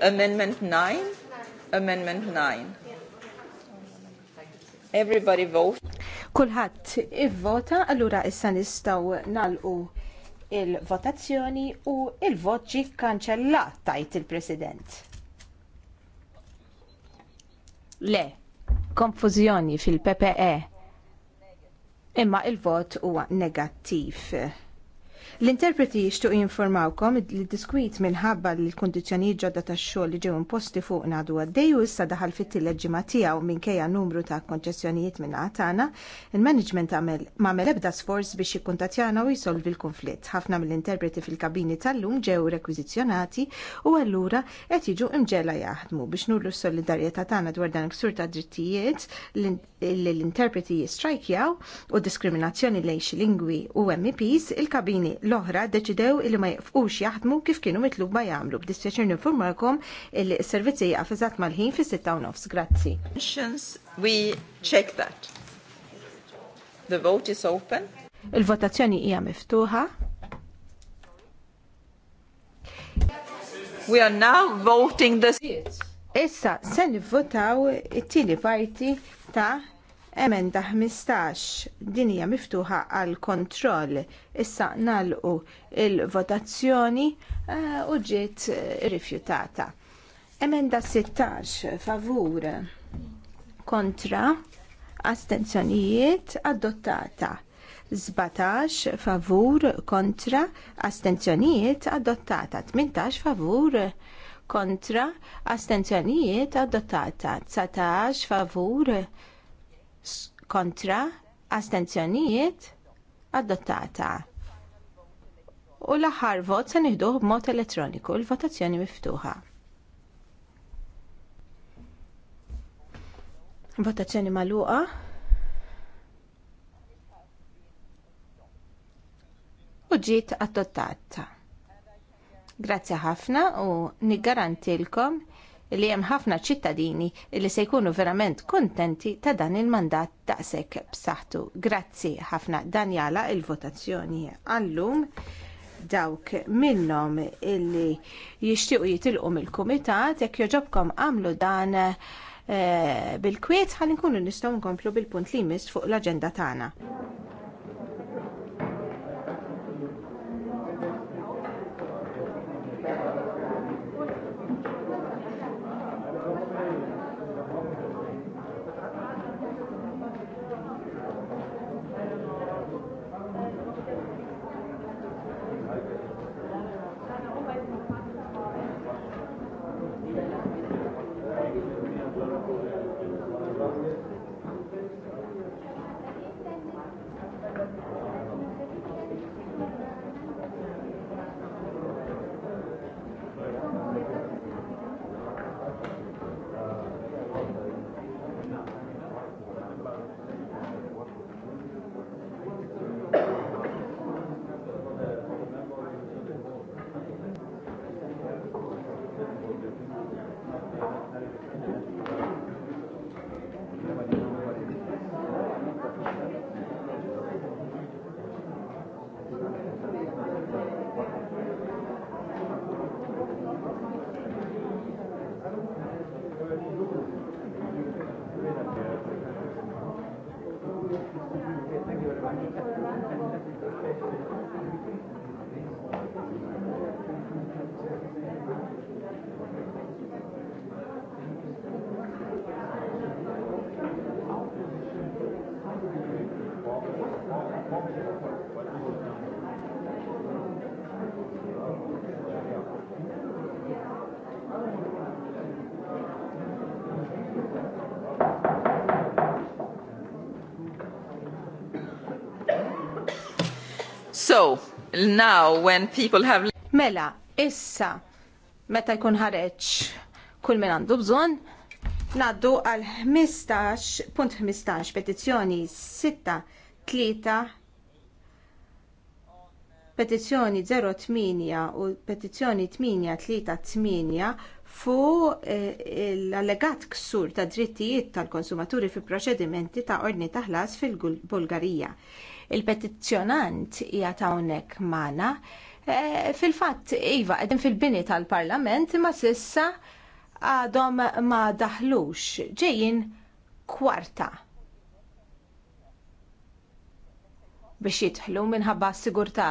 Amendment 9? Amendment 9. Everybody vote. Kulħadd ivvota, allura issa nistgħu nagħlqu il-votazzjoni u il-vot ġi kanċella tajt il-President. Le, konfużjoni fil-PPE. Imma il-vot huwa negattiv. L-interpreti jixtuq jinformawkom li diskwit minħabba li l-kondizjoni ġodda tax xogħol li ġew imposti fuq ngħadu għaddej u issa daħal fit-tielet ġimgħa tiegħu minkejja numru ta' konċessjonijiet minn tagħna, il-management għamel m'għamel ebda sforz biex jikkuntattjana u jisolvi l-konflitt. Ħafna mill-interpreti fil-kabini tal-lum ġew rekwiżizzjonati u allura qed jiġu imġela jaħdmu biex nurlu s-solidarjetà tagħna dwar dan iksur ta' drittijiet li l-interpreti jistrajkjaw u diskriminazzjoni lejn xi lingwi u MEPs il-kabini l-oħra deċidew li ma jifqux jaħdmu kif kienu mitluba jagħmlu. B'dispjaċir ninformalkom li s-servizzi jaqaf mal-ħin fis 6 u nofs. Grazzi. We check that. The vote is open. Il-votazzjoni hija miftuħa. We are now voting the Issa se nivvotaw it-tieni parti ta' Emenda 15 din hija miftuħa għal kontroll. Issa nagħlqu l votazzjoni eh, u ġiet eh, rifjutata. Emenda 16 favur kontra astenzjonijiet adottata. 17 favur kontra astenzjonijiet adottata, 18 favur kontra astenzjonijiet adottata, 19 favur kontra astenzjonijiet adottata. U l-aħħar vot se nieħduh b'mod elettroniku l-votazzjoni miftuħa. Votazzjoni magħluqa. U ġiet adottata. Grazzi ħafna u niggarantilkom li hemm ħafna ċittadini li se jkunu verament kuntenti ta' dan il-mandat daqshekk b'saħħtu. Grazzi ħafna danjala il-votazzjoni għallum dawk minnhom illi jixtiequ jitilqu mill-kumitat jekk joġobkom għamlu dan eh, bil-kwiet ħalli nkunu nistgħu nkomplu bil-punt li jmiss fuq l-aġenda tagħna. So, now when people have... Mela, issa, meta jkun ħareċ kull min għandu bżon, naddu għal 15.15 petizzjoni 6-3 petizzjoni 08 u petizzjoni 838 fu eh, l-allegat ksur ta' drittijiet tal-konsumaturi fi proċedimenti ta' ordni taħlas fil-Bulgarija il-petizzjonant hija hawnhekk magħna. E, fil-fatt iva qegħdin fil-bini tal-Parlament imma sissa għadhom ma daħlux ġejjin kwarta biex jitħlu minħabba s-sigurtà.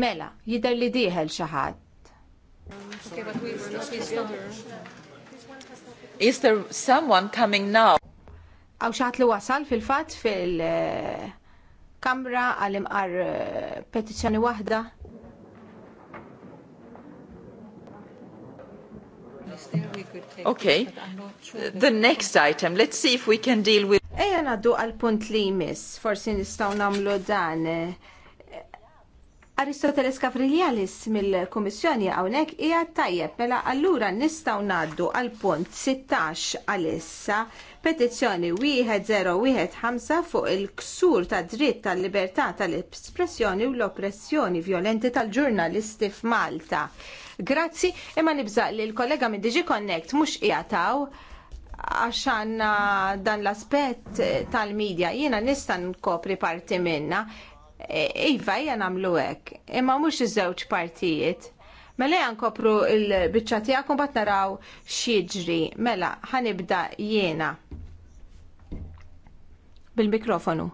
Mela, jidher li diħel xi ħadd. Is there someone coming now? Aw xaħat li wasal fil-fat fil-kamra għal-imqar eh, petizjoni wahda. Okay, the next item, let's see if we can deal with... Ejja naddu għal-punt li jmiss, forsi nistaw namlu dan. Eh, Aristoteles Kafrilialis mill-Komissjoni hawnhekk hija tajjeb mela allura nistgħu ngħaddu għal punt 16 għalissa petizzjoni 1015 fuq il-ksur ta' dritt tal-libertà tal-espressjoni u l-oppressjoni vjolenti tal-ġurnalisti f'Malta. Grazzi, imma nibżaq li l-kollega minn Digi Connect mhux qiegħataw għaxan dan l-aspett tal-medja jiena nista' nkopri parti minna Iva, hija nagħmlu hekk, imma mhux iż-żewġ partijiet. Mela jgħan nkopru l-biċċa tiegħek bat naraw xieġri. Mela, ħanibda jiena bil-mikrofonu.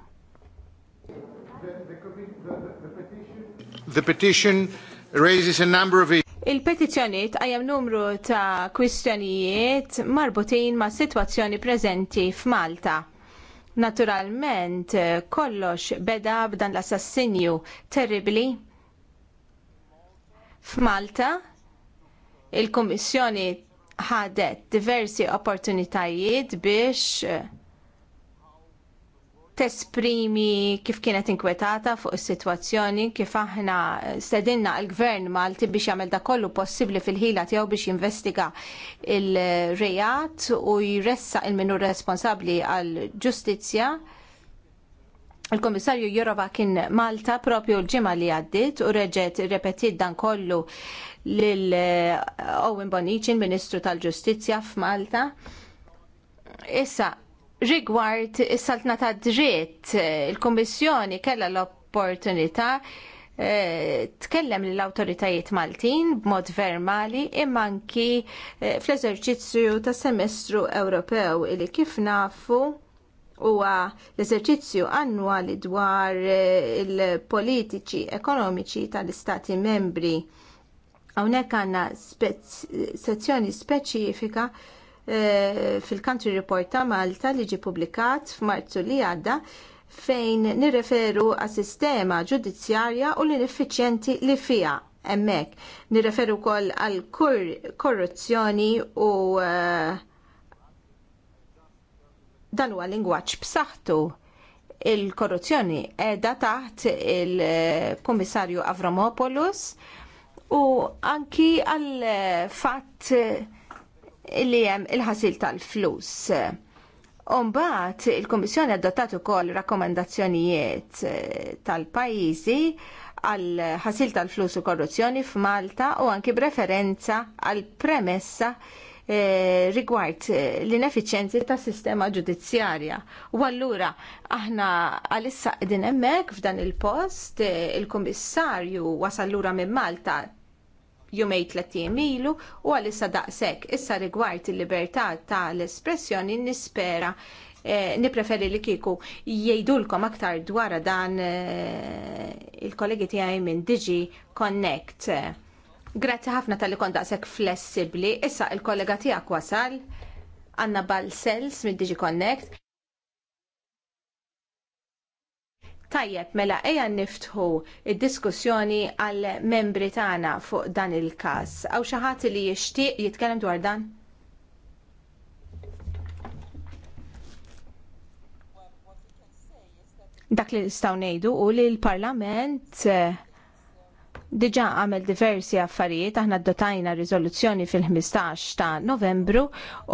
The petition raises a number of Il-petizzjoniet għajem numru ta' kwistjonijiet marbutin ma' situazzjoni preżenti f'Malta Naturalment, kollox beda b'dan l-assassinju terribli. F'Malta, il kummissjoni ħadet diversi opportunitajiet biex eh, tesprimi kif kienet inkwetata fuq is-sitwazzjoni kif aħna stedinna l-gvern Malti biex jagħmel da kollu possibbli fil-ħila tiegħu biex jinvestiga il-rejat u jressa il-minur responsabbli għal ġustizzja. Il-Komissarju Jorova kien Malta propju l-ġimgħa li għaddiet u reġgħet repetit dan kollu lil eh, Owen Bonici, il-Ministru tal-Ġustizzja f'Malta. Issa, rigward is-saltna ta' dritt, il-Kummissjoni kellha l-opportunità eh, tkellem l awtoritajiet Maltin b'mod vermali imma anki eh, fl-eżerċizzju tas semestru Ewropew li kif nafu huwa l-eżerċizzju annwali dwar eh, il-politiċi ekonomiċi tal-istati membri. Hawnhekk għandna sezzjoni speċifika Eh, fil-Country Report ta' Malta li ġie publikat f'Marzu li għadda fejn nirreferu għas sistema ġudizzjarja u l-ineffiċjenti li fiha hemmhekk. Nirreferu wkoll għal korruzzjoni u eh, dan huwa lingwaġġ b'saħħtu il-korruzzjoni qiegħda taħt il-Kummissarju Avramopoulos u anki għal fatt li hemm il-ħasil tal-flus. Umbat il-Kommissjoni adottat ukoll rakkomandazzjonijiet eh, tal-pajjiżi għal ħasil tal-flus u korruzzjoni f'Malta u anki b'referenza għal premessa eh, rigward eh, l-inefficienzi tas sistema ġudizzjarja. U allura aħna għalissa qegħdin hemmhekk f'dan il-post, il-Kummissarju wasal lura minn Malta jumej tlettim ilu u għalissa daqshekk. Issa rigward il-libertà tal-espressjoni nispera eh, nipreferi li kieku jgħidulkom aktar dwar dan eh, il-kollegi tiegħi minn Digi Connect. Grazzi ħafna tal-li kon daqshekk flessibbli. Issa il-kollega tiegħek wasal. Anna Balsels minn Digi Connect. Tajjeb, mela eja niftħu id-diskussjoni għal membri tagħna fuq dan il-każ. Aw xi ħadd li jixtieq jitkellem dwar dan? Dak li nistgħu ngħidu u li l-Parlament eh, diġa għamel diversi affarijiet, aħna dotajna rizoluzzjoni fil-15 ta' novembru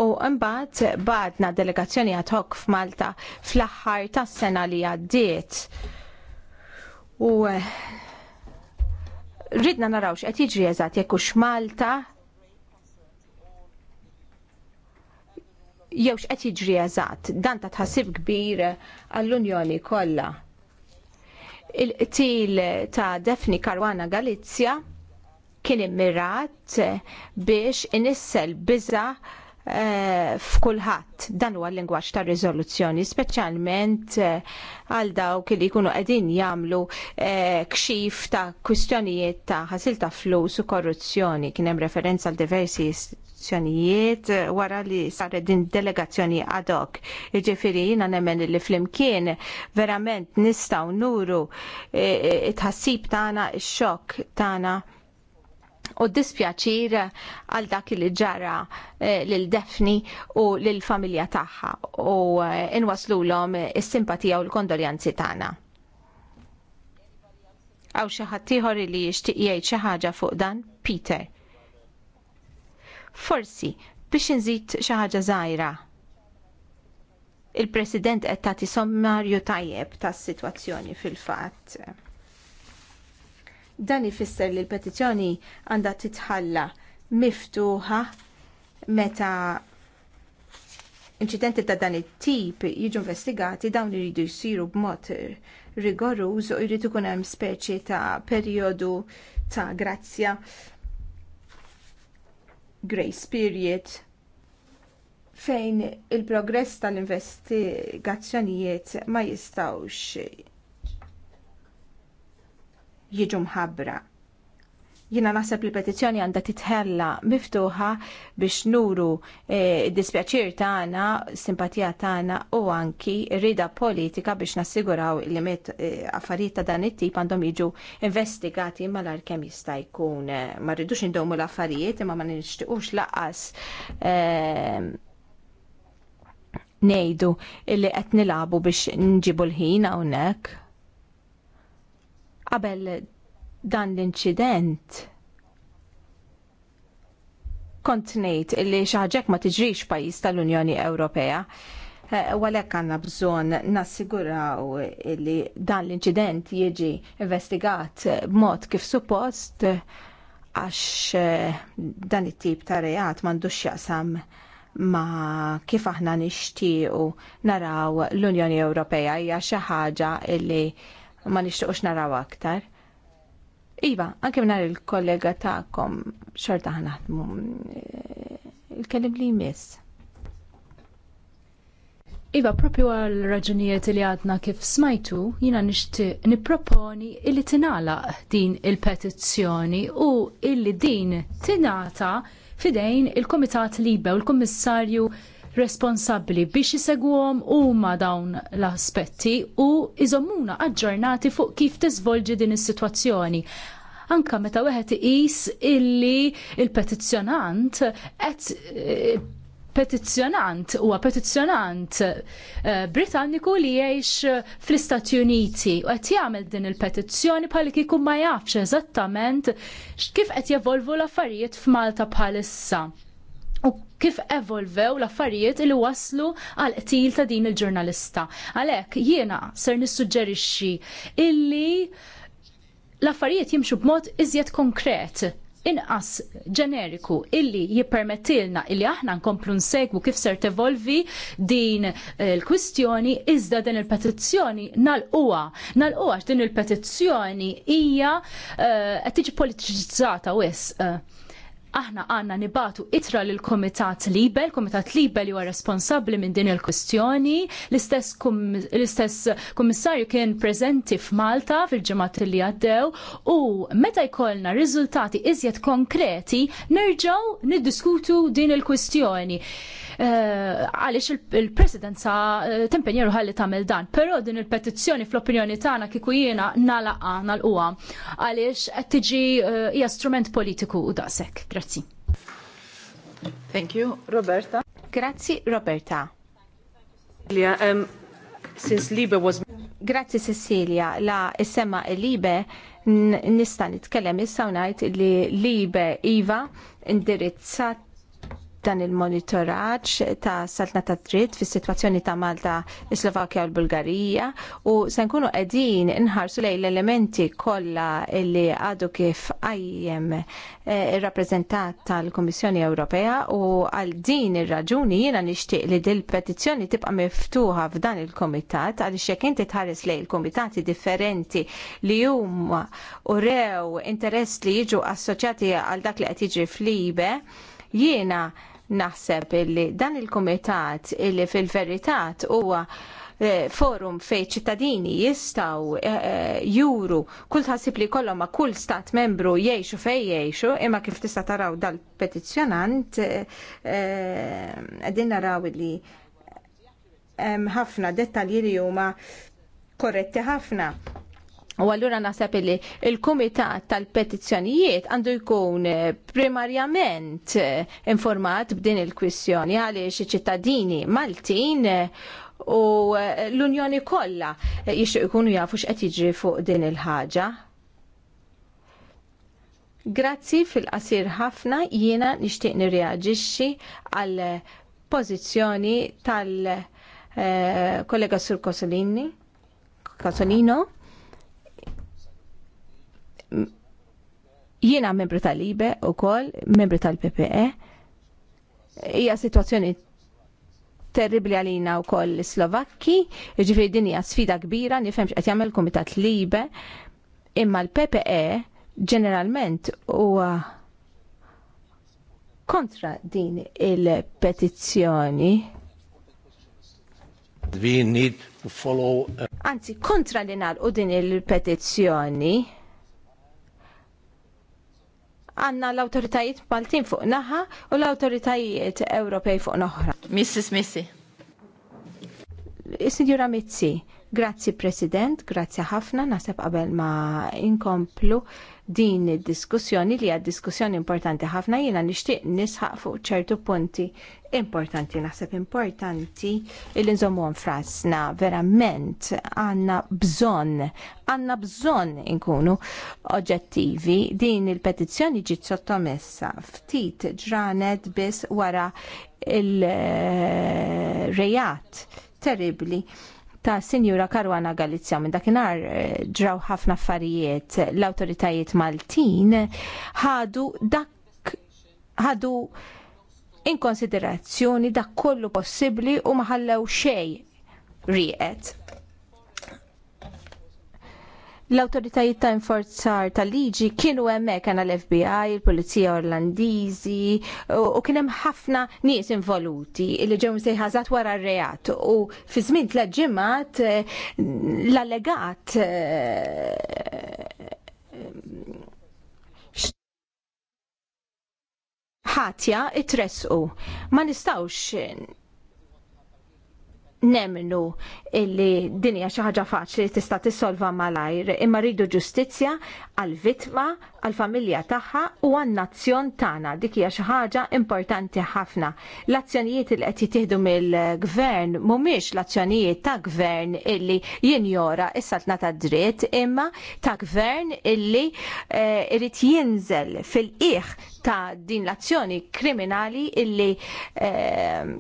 u mbagħad badna delegazzjoni ad hoc f'Malta fl-aħħar tas sena li għaddiet. U eh, ridna naraw x'qed jiġri eżatt jekk hux Malta jew x'qed jiġri eżatt. Dan ta' tħassib kbir għall-Unjoni kollha il-qtil ta' Defni Karwana Galizja kien immirat biex inissel biża' Eh, f'kulħadd. Dan huwa l-lingwaġġ tar riżoluzzjoni, speċjalment eh, għal dawk li jkunu qegħdin jagħmlu eh, kxif ta' kwistjonijiet ta' ħasil ta' flus u korruzzjoni. Kien hemm referenza għal diversi istituzzjonijiet wara li saret din delegazzjoni ad hoc. Jiġifieri jiena nemmen li flimkien verament nistgħu nuru it-ħassib tagħna, ix-xokk tagħna u dispjaċir għal dak li ġara eh, lil Defni u lil familja tagħha u eh, inwaslulhom il simpatija u l-kondoljanzi tagħna. Għaw xi ħadd ieħor li jixtieq jgħid xi ħaġa fuq dan, Peter. Forsi biex inżid xi ħaġa żgħira. Il-President qed tagħti sommarju tajjeb tas-sitwazzjoni fil-fatt. Dan ifisser li l-petizzjoni għandha titħalla miftuħa meta inċidenti ta' dan it-tip jiġu investigati dawn iridu jsiru b'mod rigoruż u jrid ikun hemm speċi ta' perjodu ta' grazzja grace period fejn il-progress tal-investigazzjonijiet ma jistawx jiġu mħabbra. Jiena naħseb li petizzjoni għandha titħella miftuħa biex nuru e, dispjaċir tagħna, simpatija tagħna u anki rida politika biex nassiguraw li met e, affarijiet ta' dan it-tip għandhom jiġu investigati malar kemm jista' jkun. E, ma rridux indomu l-affarijiet imma ma nixtiequx laqas e, ngħidu li qed nilagħbu biex nġibu l-ħin hawnhekk. Qabel dan l-inċident kont ngħid li xi ma tiġrix pajjiż tal-Unjoni Ewropea. Walek eh, għanna bżon nassiguraw li dan l-inċident jieġi investigat b'mod kif suppost għax eh, dan it-tip ta' reat m'għandux jaqsam ma kif aħna nixtiequ naraw l-Unjoni Ewropea hija xi ħaġa li ma nixtiequx naraw aktar. Iva, anke minnar il-kollega ta'kom xorta ħanaħdmu eh, il kellim li jmiss. Iva, propju għal raġunijiet li għadna kif smajtu, jina nishti niproponi illi tinala din il-petizzjoni u illi din tinata fidejn il-Komitat Libe u l-Kommissarju il responsabbli biex isegwhom huma dawn l-aspetti u iżommuna aġġornati fuq kif tiżvolġi din is-sitwazzjoni. Anka meta wieħed iqis illi il-petizzjonant qed eh, petizzjonant huwa petizzjonant eh, Britanniku li jgħix fl-Istati Uniti u qed jagħmel din il-petizzjoni bħal kieku ma jafx eżattament kif qed jevolvu l-affarijiet f'Malta bħalissa u kif evolvew l-affarijiet li waslu għal qtil ta' din il-ġurnalista. Għalhekk jiena ser nissuġġerixxi illi l-affarijiet jimxu b'mod iżjed konkret inqas ġeneriku illi jippermettilna illi aħna nkomplu nsegwu kif ser tevolvi din il-kwistjoni eh, iżda din il-petizzjoni nal-uwa. Nal-uwa din il-petizzjoni hija eh, qed tiġi politiċizzata wisq. Uh eh, aħna għanna nibatu itra lil komitat Libel, komitat Libel huwa responsabli minn din il-kwistjoni, l-istess kummissarju kien prezenti f'Malta fil-ġemat li għaddew u meta jkollna riżultati iżjed konkreti nerġgħu niddiskutu din il kwestjoni Eh, għaliex il-presidenza eh, tempenjeru ħalli tagħmel dan. Però din il-petizzjoni fl-opinjoni tagħna kieku jiena nalaqa nalquha għaliex qed tiġi eh, hija strument politiku u daqshekk. Grazzi. Thank you, Roberta. Grazzi, Roberta. Um, Grazzi, Cecilia. La il Libe nista nitkellem issa ngħid li Libe Iva indirizzat dan il-monitoraġġ ta' saltna ta' dritt fis sitwazzjoni ta' Malta, Slovakja u l-Bulgarija u se nkunu qegħdin inħarsu lejn l-elementi kollha li għadu kif qajjem eh, ir-rappreżentat tal-Kummissjoni Ewropea u għal din ir-raġuni jiena nixtieq li dil petizzjoni tibqa' miftuħa f'dan il-kumitat għaliex jekk inti tħares lejn il-kumitati differenti li huma u rew interess li jiġu assoċjati għal dak li qed jiġri flibe Jiena naħseb illi dan il-kumitat illi fil-veritat huwa eh, forum fej ċittadini jistaw eh, juru kull tħassib li jkollhom ma' kull stat membru jgħixu fej jgħixu imma kif tista' taraw dal-petizzjonant eh, qegħdin naraw li ħafna dettalji li huma korretti ħafna. U għallura naħseb li il-Kumitat tal-Petizzjonijiet għandu jkun eh, primarjament eh, informat b'din il-kwissjoni għaliex iċ-ċittadini Maltin eh, u l-Unjoni kollha jixtieq ikunu jafu x'qed jiġri fuq din il-ħaġa. Grazzi fil-qasir ħafna jiena nixtieq nirreaġixxi għal pożizzjoni tal-kollega Sur Kosolini. Cosolino. Jiena membru tal-IBE u koll, membru tal-PPE. Hija situazzjoni terribli għalina u koll Slovakki, ġifri dinja sfida kbira, nifhem x'qed jagħmel l-IBE, imma l-PPE ġeneralment huwa kontra din il-petizzjoni. We need to follow. Uh, Anzi, kontra li u din il-petizzjoni għanna l-autoritajiet Maltin fuq naħa u l-autoritajiet Ewropej fuq noħra. Mrs. Missi. Signora Mizzi, grazzi President, grazzi ħafna, nasab qabel ma inkomplu din id-diskussjoni li għad diskussjoni importanti ħafna jiena nixtieq nisħaq fuq ċertu punti importanti naħseb importanti il nżommu frasna verament għanna bżonn għanna bżonn inkunu oġġettivi din il-petizzjoni ġiet sottomessa ftit ġranet biss wara il-rejat terribli ta' Sinjura Karwana Galizja minn dakinhar eh, ġraw ħafna affarijiet l-awtoritajiet Maltin ħadu dak ħadu in konsiderazzjoni dak kollu possibbli u ma ħallew xejn rieqet l-autoritajiet ta' inforzar tal liġi kienu hemmhekk għana l-FBI, il-Pulizija Orlandiżi u kien hemm ħafna nies involuti li ġew sejħażat wara r-reat u fi żmien tla ġimgħat eh, l-allegat eh, ħatja tresqu. Ma nistawx nemnu illi dinja xi ħaġa faċli tista' tissolva malajr imma rridu ġustizzja għal vittma għal familja tagħha u għan nazzjon tagħna dik hija xi ħaġa importanti ħafna. L-azzjonijiet li qed jittieħdu mill-gvern mhumiex l-azzjonijiet ta' gvern illi jinjora issa ta' dritt imma ta' gvern illi eh, irid jinżel fil-qiegħ ta' din l-azzjoni kriminali illi eh,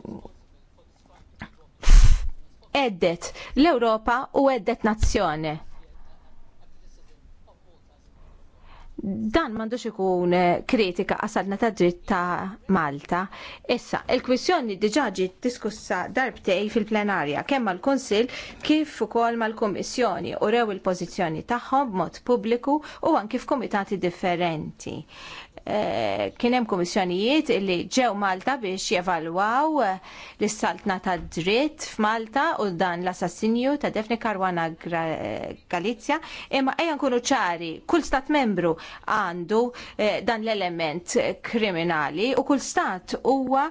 għeddet l-Ewropa u għeddet nazzjoni. Dan mandux ikun eh, kritika qasadna ta' dritt ta' Malta. Issa, il-kwissjoni diġaġi ġiet diskussa darbtej fil-plenarja kemm mal-Kunsill kif ukoll mal-Kummissjoni u rew il-pożizzjoni tagħhom b'mod pubbliku u kif f'kumitati differenti. Eh, kien hemm kummissjonijiet li ġew Malta biex jevalwaw eh, l-istaltna tad dritt f'Malta u dan l-assassinju ta' Defni Karwana Galizja. Imma ejja nkunu ċari, kull stat membru għandu eh, dan l-element kriminali u kull stat huwa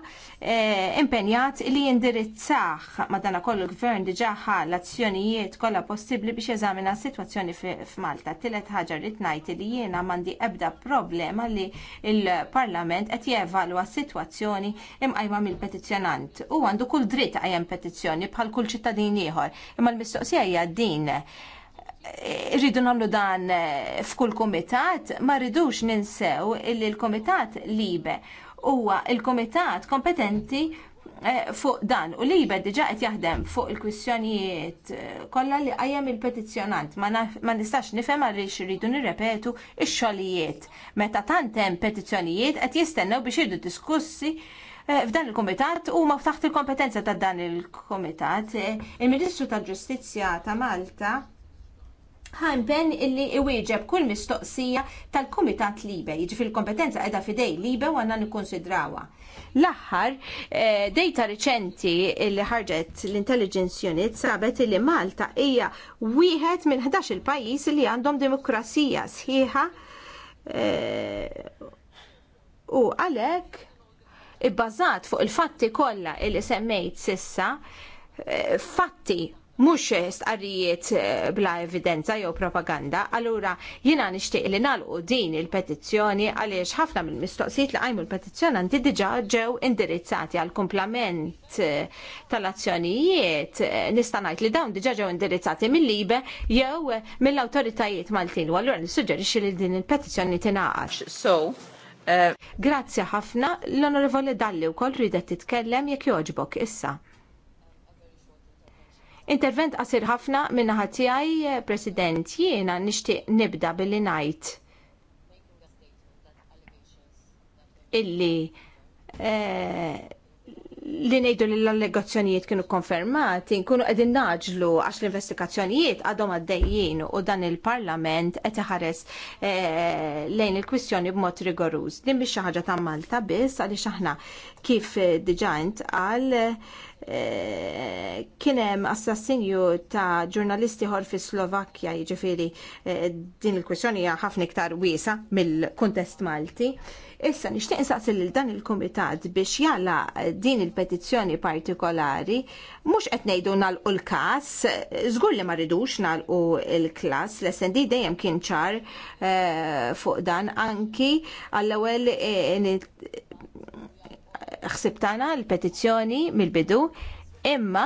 impenjat li jindirizzaħ madana kollu gvern diġa l-azzjonijiet kollha possibbli biex jeżamina s-sitwazzjoni f'Malta. Tilet ħaġa rrid ngħid li jiena m'għandi ebda problema li il-Parlament qed jevalwa s-sitwazzjoni imqajma mill-petizzjonant u għandu kull dritt għajem petizzjoni bħal kull ċittadin ieħor. Imma l-mistoqsija hija din rridu nagħmlu dan f'kull kumitat, ma rridux ninsew illi l-kumitat libe huwa l kumitat kompetenti Eh, fuq dan u li jibed diġa qed jaħdem fuq il-kwistjonijiet eh, kollha li qajjem il-petizzjonant ma nistax nifhem għaliex iridu nirrepetu x-xogħlijiet. Meta tant hemm petizzjonijiet qed jistennew biex irdu diskussi eh, f'dan il-komitat u ma ftaħt il-kompetenza ta' dan il-komitat. Il-Ministru ta' Ġustizzja ta' Malta ħanben illi iwieġeb kull mistoqsija tal-Kumitat Libe, jiġi fil-kompetenza edha fidej Libe u għanna nikonsidrawa. L-aħħar, eh, data riċenti li ħarġet l-Intelligence Unit sabet li Malta hija wieħed minn 11 pajjiż li għandhom demokrazija sħiħa eh, u għalhekk ibbażat fuq il-fatti kollha li semmejt sissa, eh, fatti mhux stqarrijiet eh, bla evidenza jew propaganda, allura jiena nixtieq li nagħlqu din il-petizzjoni għaliex ħafna mill-mistoqsijiet li qajmu l-petizzjonanti diġà ġew indirizzati għal kumplament eh, tal-azzjonijiet eh, nista' ngħid li dawn diġà ġew indirizzati mill-libe jew mill-awtoritajiet Maltin. U allura nissuġġerixxi li din il-petizzjoni tingħaqax. So, Grazzi ħafna l-Onorevoli Dalli u kol ridet titkellem jekk joġbok issa. Intervent qasir ħafna minna ħatijaj, President, jiena nixtieq nibda billi ngħid illi eh, li nejdu li l-allegazzjonijiet kienu konfermati, nkunu qegħdin naġlu għax l-investigazzjonijiet għadhom għaddejjin u dan il-parlament qed iħares eh, lejn il-kwistjoni b'mod rigoruż. Din biex xi ħaġa ta' Malta biss għaliex aħna kif diġant għal Eh, kien hemm assassinju ta' ġurnalisti ħor fi Slovakkja, jiġifieri eh, din il-kwistjoni hija ħafna iktar wiesa mill-kuntest Malti. Issa nixtieq insaqsi lil dan il-kumitat biex jala din il-petizzjoni partikolari mhux qed ngħidu nagħlqu l-każ, żgur li ma rridux nagħlqu l-klass, l-SND dejjem kien ċar eh, fuq dan anki għall-ewwel xsibtana l-petizzjoni mill-bidu imma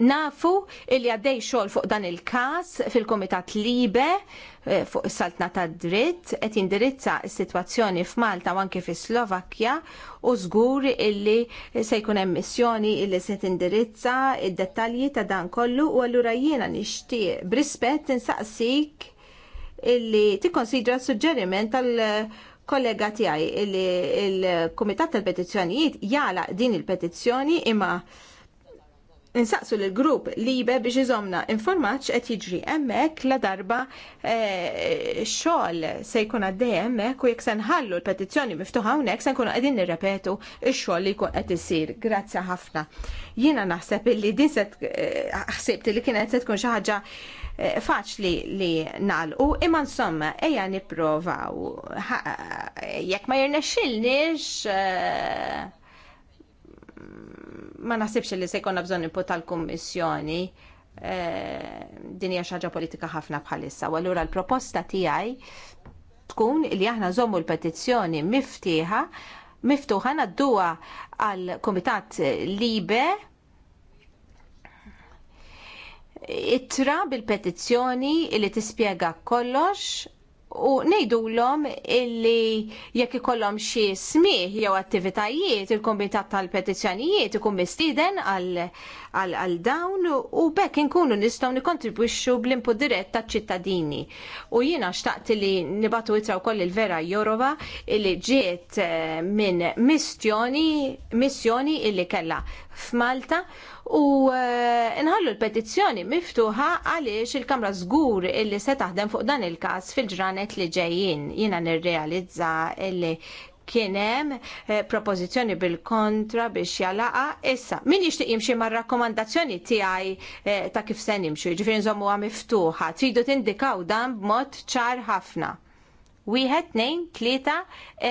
nafu il għaddej xogħol fuq dan il-każ fil-Komitat Libe eh, fuq is-saltna tad dritt qed jindirizza s-sitwazzjoni f'Malta u anke fis-Slovakkja u żgur illi se jkun hemm missjoni illi se tindirizza id-dettalji ta' dan kollu u allura jiena nixtieq brispett insaqsik illi tikkonsidra s-suġġeriment tal- kollega tiegħi il-Kumitat tal-Petizzjonijiet jala din il-petizzjoni imma Insaqsu l grupp libe biex jizomna informaċ qed jiġri hemmhekk la darba eh, xogħol se jkun għaddej hemmhekk u jekk se nħallu l-petizzjoni miftuħa hawnhekk se nkunu qegħdin nirrepetu x-xogħol li jkun qed jisir. Grazzi ħafna. Jiena naħseb illi din set eh, ħsibt li kienet se tkun xi ħaġa Eh, faċli li nalqu, imma insomma ejja nipprovaw. Jekk ma jirnexxilniex eh, ma naħsibx li se jkollna bżonn input tal-Kummissjoni eh, din hija xi ħaġa politika ħafna bħalissa. U allura l-proposta tiegħi tkun li aħna żommu l-petizzjoni miftieħa miftuħa nadduha għal Kumitat Libe ittra bil-petizzjoni li tispjega kollox u ngħidulhom illi jekk ikollhom xi smih jew attivitajiet il-Kumitat tal-Petizzjonijiet ikun mistieden għal dawn u bekk inkunu nistgħu nikontribwixxu bl-input dirett taċ-ċittadini. U jiena xtaqt li nibatu ittra wkoll il-Vera Jorova illi ġiet eh, minn missjoni illi kellha f'Malta u eh, nħallu l-petizzjoni miftuħa għaliex il-Kamra żgur illi se taħdem fuq dan il-każ fil-ġranet li ġejjin. Jiena nirrealizza illi kien hemm eh, propożizzjoni bil-kontra biex jalaqa issa. Min jixtieq jimxi mar-rakkomandazzjoni tiegħi eh, ta' kif se nimxu, jiġifieri nżommuha miftuħa, tridu tindikaw dan b'mod ċar ħafna. Wieħed, tnejn, tlieta,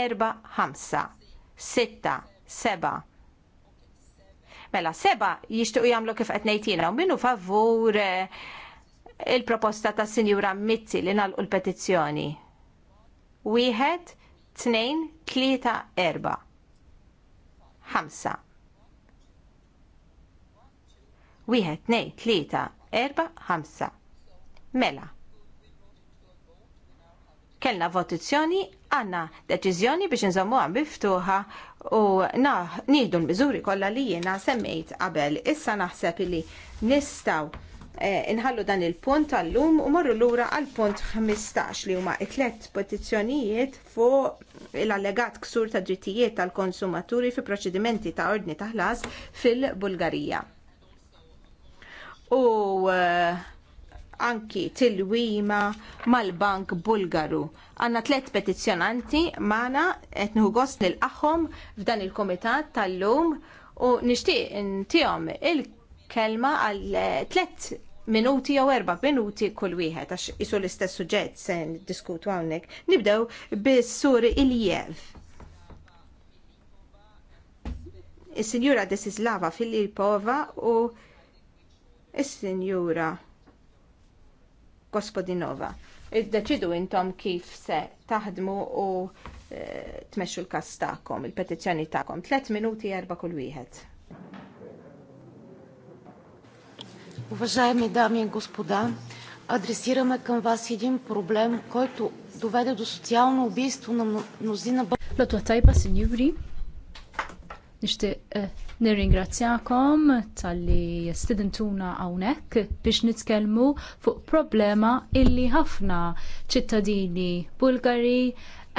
erba, ħamsa, sitta, seba' Mela, seba jixtiequ jagħmlu kif qed ngħid jiena u minnu favur eh, il-proposta ta' Sinjura Mizzi li nagħlqu l-petizzjoni. Wieħed, tnejn, tlieta, erba. Ħamsa. Wieħed, tnejn, tlieta, erba, ħamsa. Mela, kellna votizzjoni, għanna deċiżjoni biex nżommu għan biftuħa u nieħdu l-miżuri kollha li jiena semmejt qabel. Issa naħseb li nistaw eh, inħallu dan il-punt għallum lum u morru lura għal punt 15 li huma tliet petizzjonijiet fuq l-allegat ksur ta' drittijiet tal-konsumaturi fi proċedimenti ta' ordni taħlas fil-Bulgarija. U uh, anki tilwima mal-Bank Bulgaru. Għanna tlet petizjonanti maħna etnuhu gost nil-axom f'dan il-komitat tal-lum u nishtiq n-tijom il-kelma għal tlet minuti jew erba minuti kull wieħed għax isu l-istess suġġett se diskutu hawnhekk. Nibdew bis-sur Iljev. Is-Sinjura Desislava Filippova u is-Sinjura Gospodinova. Id-deċidu intom kif se taħdmu u eh, tmexxu l-kas tagħkom, il-petizzjoni tagħkom. Tlet minuti erba' kull wieħed. Уважаеми дами и господа, адресираме към вас един проблем, който доведе до социално убийство на мнозина... Лотва Тайба, Nixtieq eh, nirringrazzjakom talli studentuna hawnhekk biex nitkellmu fuq problema illi ħafna ċittadini Bulgari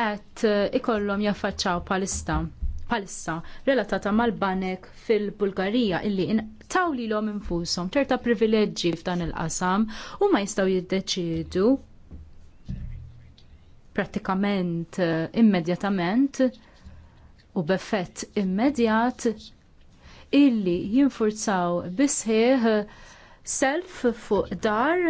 qed eh, ikollhom jaffaċċaw palista palissa relatata mal-banek fil-Bulgarija illi intaw lilhom infushom ċerta privileġġi f'dan il-qasam u ma jistgħu jiddeċiedu prattikament eh, immedjatament u b'effett immedjat illi jinfurzaw bisħieħ self fuq dar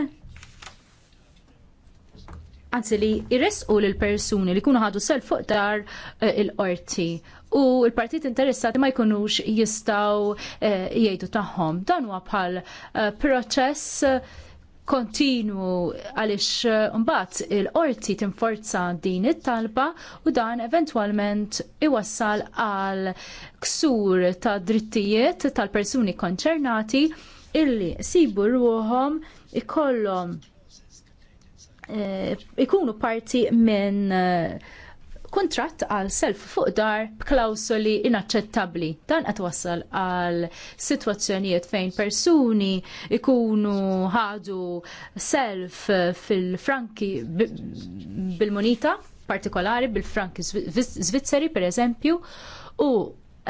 anzi li jresqu lill persuni li jkunu ħadu self fuq dar eh, il-qorti u l-partit interessati ma jkunux jistgħu eh, jgħidu tagħhom. Dan huwa bħal eh, proċess kontinu għaliex uh, mbagħad il-qorti tinforza din it-talba u dan eventwalment iwassal għal ksur ta' drittijiet tal-persuni konċernati illi sibu ruhom ikollhom eh, ikunu parti minn eh, kuntratt għal self fuq dar b'klawsoli inaċċettabbli. Dan qed wassal għal sitwazzjonijiet fejn persuni ikunu ħadu self fil-franki bil-monita partikolari bil-franki Zvizzeri per eżempju u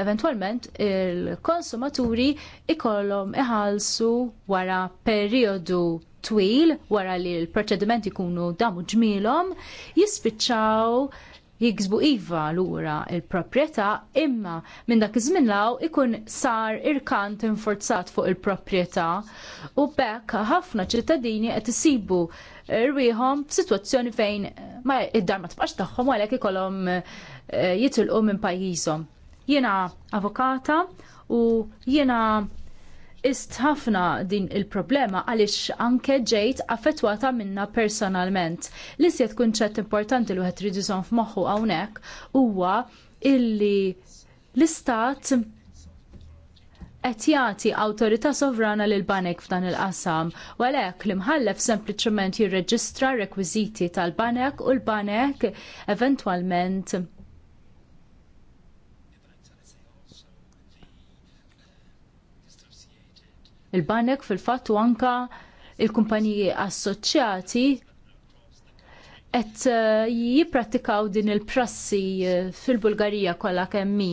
eventualment il-konsumaturi ikollhom iħallsu wara periodu twil wara li l-proċedimenti kunu damu ġmielhom jispiċċaw jiksbu iva lura il-proprjetà imma minn dak iż-żmien law ikun sar irkant inforzat fuq il-proprjetà u bekk ħafna ċittadini qed isibu rwieħhom f'sitwazzjoni fejn eh, ma id-dar ma tibqax tagħhom għalhekk ikollhom eh, jitilqu minn pajjiżhom. Jiena avukata u jiena ist ħafna din il-problema għaliex anke ġejt affettwata minna personalment. l se tkun ċett importanti li wieħed ridiżon f'moħħu hawnhekk huwa illi l-istat qed jagħti awtorità sovrana lil banek f'dan il-qasam u għalhekk l-imħallef sempliċement jirreġistra rekwiżiti tal-banek u l-banek eventwalment Il-banek fil-fatt u anka il-kumpaniji assoċjati qed eh, jipprattikaw din il-prassi eh, fil-Bulgarija kollha kemmi.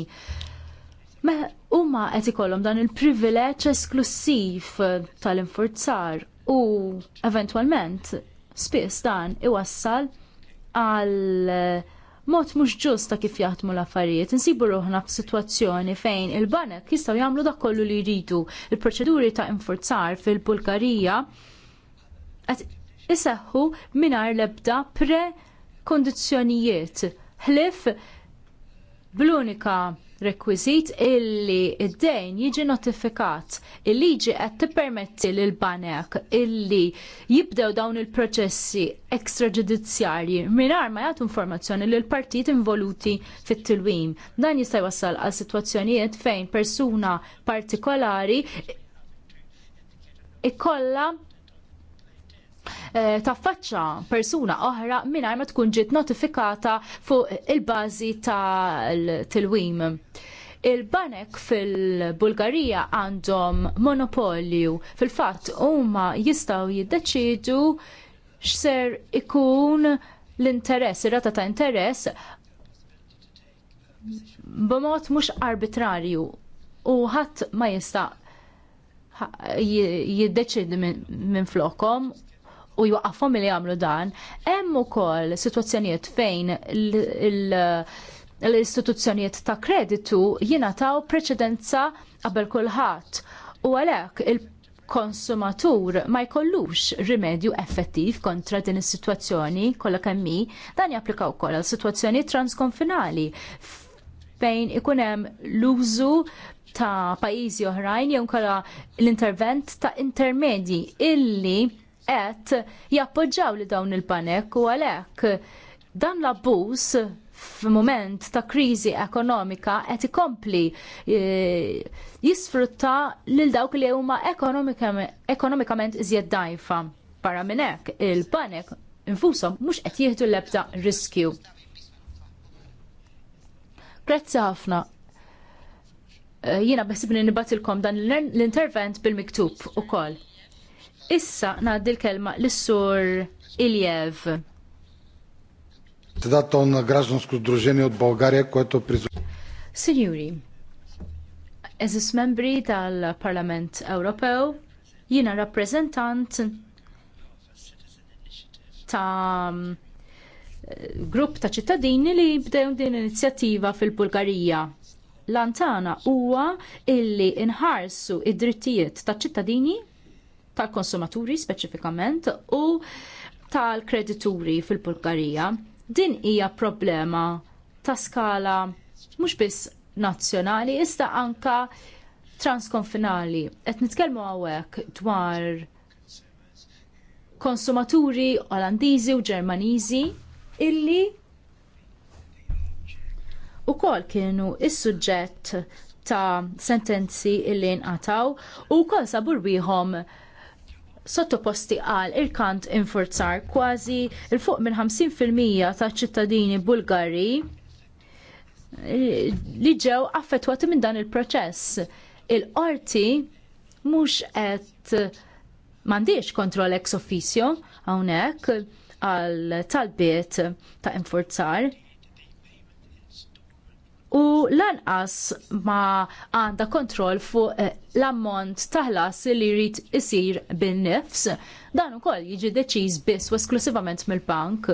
Huma qed ikollhom dan il-privileġġ esklusiv eh, tal-infurzar u eventwalment spiss dan iwassal għal mod mhux ġust ta' kif jaħdmu l-affarijiet. Insibu ruħna f'sitwazzjoni fejn il-banek jistgħu jagħmlu dak kollu li jridu. Il-proċeduri ta' infurzar fil-Bulgarija qed iseħħu mingħajr l-ebda pre-kondizzjonijiet. Ħlif bl-unika rekwiżit illi id-dejn jiġi notifikat il-liġi qed tippermetti lil banek illi jibdew dawn il-proċessi ekstraġudizzjarji mingħajr ma jagħtu informazzjoni lil partit involuti fit-tilwim. Dan jista' jwassal għal sitwazzjonijiet fejn persuna partikolari ikolla Eh, taffaċċa persuna oħra mingħajr ma tkun ġiet notifikata fuq il-bażi tal-tilwim. Il-banek fil-Bulgarija għandhom monopolju fil-fatt huma jistgħu jiddeċidu x'ser ikun l-interess, ir-rata ta' interess b'mod mhux arbitrarju u ħadd ma jista' jiddeċid minn flokom u jwaqafhom li jagħmlu dan, hemm ukoll sitwazzjonijiet fejn l-istituzzjonijiet ta' kreditu jingħataw preċedenza qabel kulħadd. U għalhekk il-konsumatur ma jkollux rimedju effettiv kontra din is-sitwazzjoni kollha kemm hi, dan japplika wkoll għal sitwazzjonijiet transkonfinali fejn ikun hemm l-użu ta' pajjiżi oħrajn jew kollha l-intervent ta' intermedji illi qed jappoġġaw li dawn il panek u għalhekk dan l f f'mument ta' kriżi ekonomika qed ikompli eh, jisfrutta lil dawk li huma ekonomikament iżjed dajfa. Barra minn hekk il panek infushom mhux qed jieħdu l-ebda riskju. Grazzi ħafna. Eh, jiena besibni nibatilkom dan l-intervent bil-miktub ukoll. Issa ngħaddi l-kelma l sur Iljev. Председател на eżis membri tal-Parlament Ewropew, jiena rappreżentant ta' mm, grupp ta' ċittadini li bdew din inizjattiva fil-Bulgarija. Lantana huwa illi inħarsu id-drittijiet ta' ċittadini tal-konsumaturi speċifikament u tal-kredituri fil-Bulgarija. Din hija problema ta' skala mhux biss nazzjonali, iżda anka transkonfinali. Qed nitkellmu hawnhekk dwar konsumaturi Olandiżi u Ġermaniżi illi ukoll kienu is-suġġett ta' sentenzi illi nqataw u wkoll sabur bihom sottoposti għal il-kant infurzar kważi il-fuq minn 50% ta' ċittadini Bulgari li ġew affettwati minn dan il-proċess. Il-qorti mhux qed m'għandix kontroll ex officio hawnhekk għal talbiet ta' infurzar u lanqas ma għandha kontroll fuq eh, l-ammont ta' ħlas li jrid isir bin-nifs. Dan ukoll jiġi deċiż biss u esklusivament mill-bank.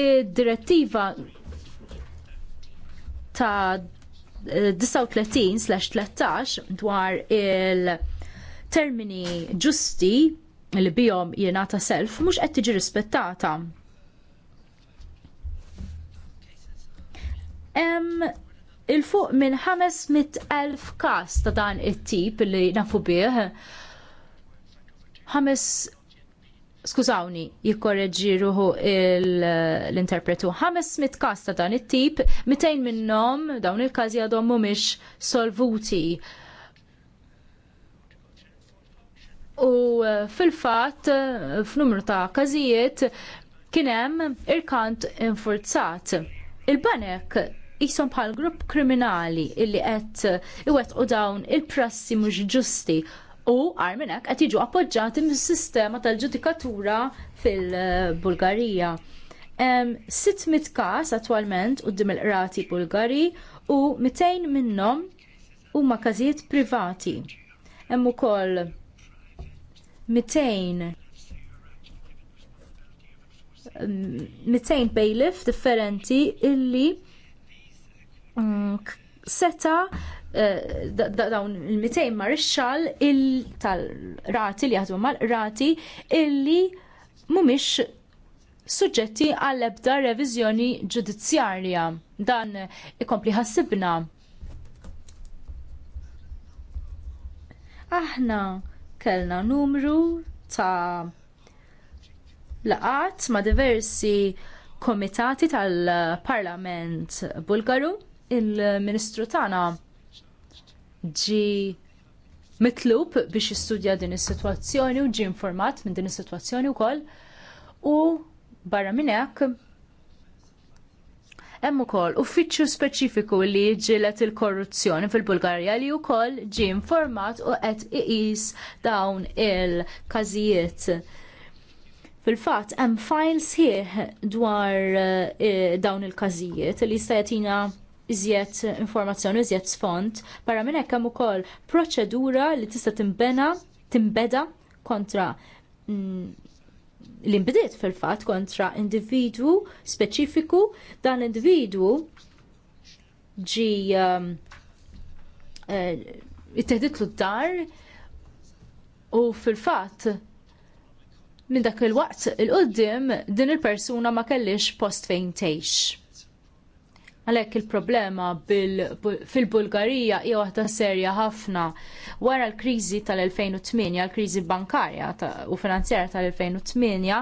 Id-direttiva ta' 39/13 eh, dwar il-termini ġusti li bijom jenata self mhux qed tiġi rispettata. Hemm il-fuq minn 500,000 każ ta' dan it-tip li nafu bih. Ħames skużawni, jikkorreġi ruħu l-interpretu. 500 każ ta' dan it-tip, 200 minnhom dawn il-każi għadhom mhumiex solvuti. U eh, fil-fatt eh, f'numru ta' każijiet kien hemm irkant infurzat. Il-banek jisom bħal grupp kriminali illi qed iwettqu dawn il-prassi mhux ġusti u arminek qed jiġu appoġġati mis-sistema tal-ġudikatura fil-Bulgarija. 600 każ attwalment quddiem il-qrati Bulgari u 200 minnhom huma każijiet privati. Hemm ukoll 200 200 bailiff differenti illi Mm, seta eh, dawn il-200 marixxal tal-rati li jaħdmu mal-rati illi mhumiex suġġetti għall-ebda reviżjoni ġudizzjarja. Dan ikompli ħassibna. Aħna kellna numru ta' laqat ma' diversi komitati tal-Parlament Bulgaru il-Ministru tagħna ġi mitlub biex jistudja din is-sitwazzjoni u ġie informat minn din is-sitwazzjoni wkoll u barra minn hekk hemm ukoll uffiċċju speċifiku li jġilet il-korruzzjoni fil-Bulgarja li wkoll ġie informat u qed iqis dawn il-każijiet. Fil-fatt hemm files sħiħ dwar eh, dawn il-każijiet li jista' jagħtina iżjed informazzjoni, iżjed sfond, para minn hekk hemm ukoll proċedura li tista' timbena timbeda kontra mm, li nbidiet fil-fatt kontra individwu speċifiku dan l-individwu ġi um, eh, it-tehditlu d-dar u fil-fatt minn dak il-waqt il-qoddim din il-persuna ma kellix post fejn tgħix. Għalhekk il-problema fil-Bulgarija hija waħda serja ħafna wara l-kriżi tal-2008, l-kriżi bankarja u finanzjarja tal-2008,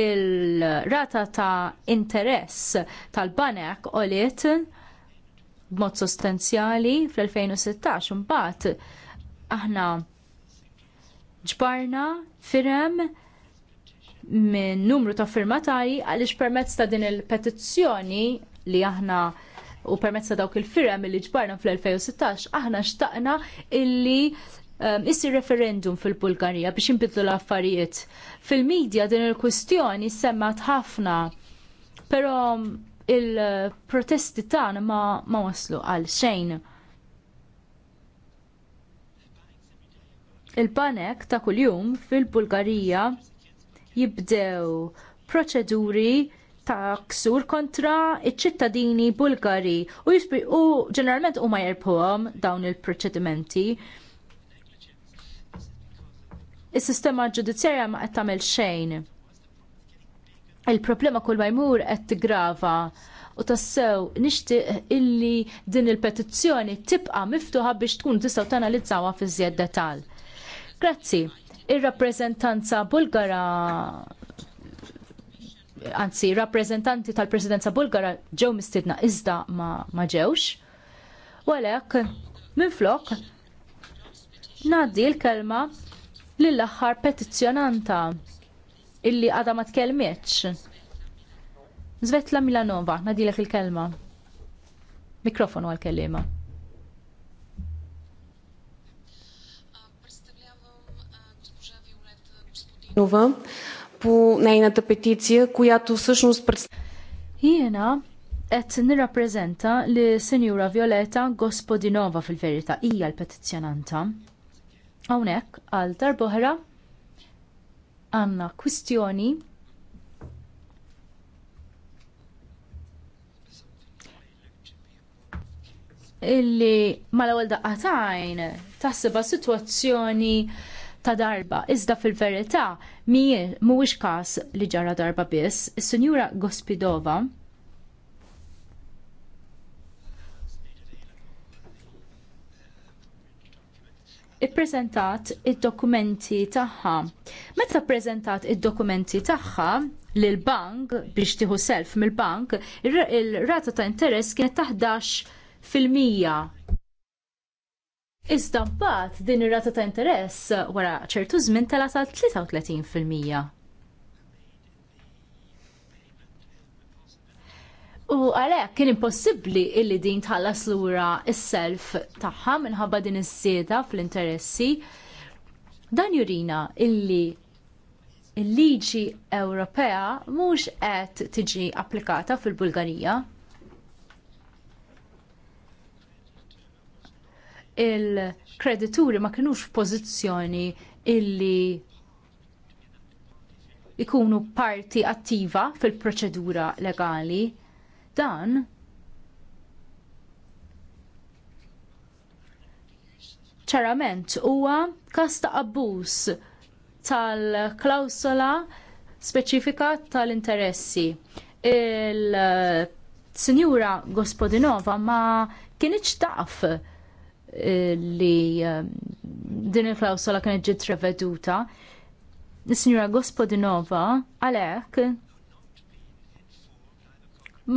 il-rata ta' interess tal-banek olit b'mod sostanzjali fl-2016 mbagħad aħna ġbarna firem minn numru ta' firmatari għaliex permezz ta' din il-petizzjoni li aħna u permezza dawk il-firem li ġbarna fl-2016, aħna xtaqna illi um, issi referendum fil-Bulgarija biex imbidlu l-affarijiet. Fil-medja din il-kwistjoni semmat ħafna, pero il-protesti tagħna ma, ma waslu għal xejn. Il-banek ta' kuljum fil-Bulgarija jibdew proċeduri ta' ksur kontra iċ-ċittadini bulgari u, u ġeneralment huma jerpuhom dawn il-proċedimenti. Is-sistema il ġudizzjarja ma qed tagħmel xejn. Il-problema kull ma jmur qed tigrava u tassew nixtieq illi din il-petizzjoni tibqa miftuħa biex tkun tistgħu tanalizzawha fi żjed detal. Grazzi. Ir-rappreżentanza Bulgara anzi rappreżentanti tal-Presidenza Bulgara ġew mistidna iżda ma, ma ġewx. U għalhekk minflok ngħaddi l-kelma lill-aħħar petizzjonanta illi għadha ma tkellmitx. Zvetla Milanova, ngħadilek il-kelma. Mikrofonu għal-kellima. Nova, по нейната петиция, която всъщност представя. Jiena qed nirrappreżenta li Sinjura Violeta Gospodinova fil-verità hija l-petizzjonanta. Hawnhekk għal darb'oħra għandna kwistjoni illi mal-ewwel daqqatajn taħseb sitwazzjoni ta' darba. Iżda fil-verità mhuwiex każ li ġara darba biss. Is-Sinjura Gospidova ippreżentat id-dokumenti tagħha. Meta ppreżentat id-dokumenti tagħha lil bank biex tieħu self mill-bank, ir rata ta' interess kienet ta' fil-mija Iżda mbagħad din ir-rata ta' interess wara ċertu żmien tela sa 33%. U għalhekk kien impossibbli illi din tħallas lura s-self tagħha minħabba din is-sieda fl-interessi. Dan jurina illi l liġi Ewropea mhux qed tiġi applikata fil-Bulgarija il-kredituri ma kinux f'pożizzjoni illi ikunu parti attiva fil-proċedura legali. Dan ċarament huwa każ ta' abbuż tal klausola speċifika tal-interessi. Il-Sinjura Gospodinova ma kienieċ taf li eh, din il-klawsola kienet ġiet reveduta. Is-Sinjura Gospodinova għalhekk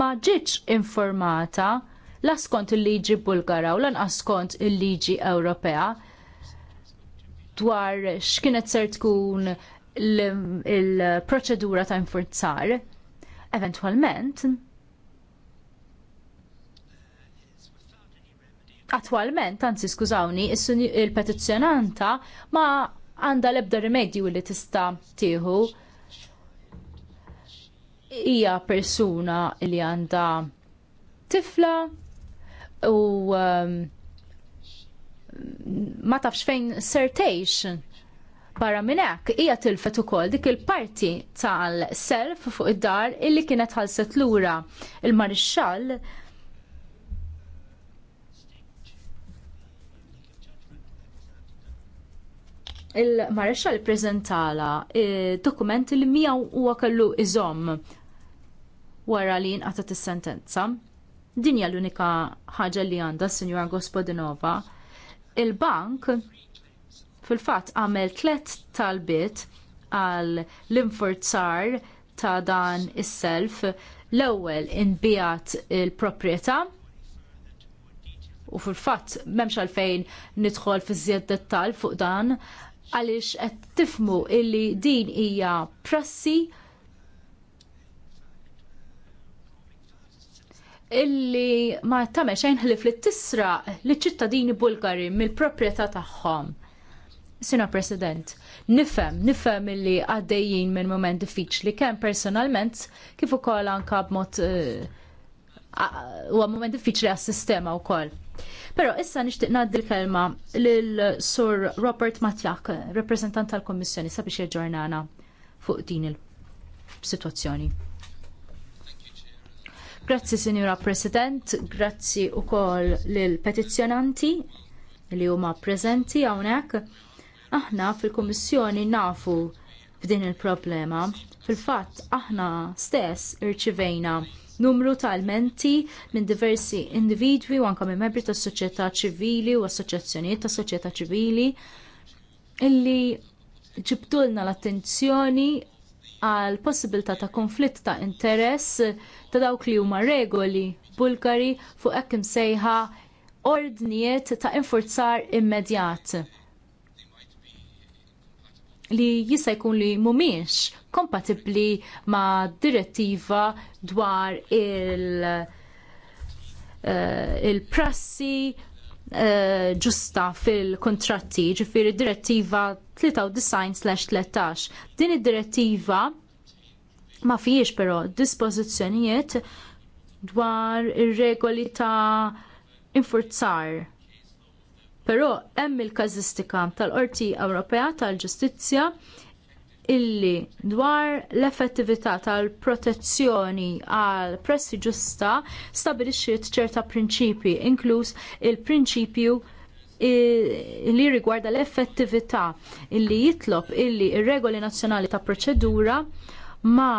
ma ġietx informata la skont il-liġi Bulgara u lanqas skont il-liġi Ewropea dwar x'kienet ser tkun il-proċedura ta' infurzar. Eventwalment, Attualment, anzi skużawni, il-petizzjonanta ma għandha l-ebda rimedju li tista' tieħu hija persuna li għandha tifla u um, ma tafx fejn sertejx barra minn hekk hija tilfet ukoll dik il-parti tal-self fuq id-dar illi kienet ħalset lura. Il-marixxall il-marexxa eh, li prezentala dokument li mija huwa kellu iżomm wara li nqatat is-sentenza. Din hija l-unika ħaġa li għandha s-Sinjora Gospodinova. Il-bank fil-fatt għamel tlet talbiet għal l-infurzar ta' dan is-self l-ewwel inbijat il-proprjetà u fil-fatt m'hemmx għalfejn nidħol fi żjed dettal fuq dan għaliex qed tifmu illi din hija prassi illi ma tagħmel xejn ħlif li tisraq liċ ċittadini Bulgari mill-proprjetà tagħhom. Sina President, nifhem, nifhem illi għaddejjin minn moment diffiċli kemm personalment kif ukoll anka b'mod eh, huwa uh, moment diffiċli għas-sistema wkoll. Però issa nixtieq ngħaddi l-kelma lil Sur Robert Matjak, rappreżentant tal-Kommissjoni sabiex jiġġornana fuq din il-sitwazzjoni. Grazzi, Sinjura President, grazzi u koll l-petizjonanti li huma prezenti hawnhekk. Aħna fil-Kummissjoni nafu f'din il-problema. Fil-fatt aħna stess irċivejna numru ta' almenti minn diversi individwi u anke minn membri tas soċjetà ċivili u assoċjazzjonijiet ta' soċjetà ċivili illi ġibtulna l-attenzjoni għal possibilità ta' konflitt ta' interess ta' dawk li huma regoli bulgari fuq hekk imsejħa ordnijiet ta' infurzar immedjat li jista' jkun li mhumiex kompatibbli ma' direttiva dwar il- uh, il-prassi eh, ġusta fil-kontratti, ġifiri direttiva 93/13. Din id-direttiva ma fiex però dispożizzjonijiet dwar ir-regoli ta' infurzar Però hemm il-każistika tal-Qorti Ewropea tal-Ġustizzja illi dwar l-effettività tal-protezzjoni għal pressi ġusta stabilixxiet ċerta prinċipji, inkluż il-prinċipju li rigwarda l-effettività illi jitlob illi ir-regoli nazzjonali ta' proċedura ma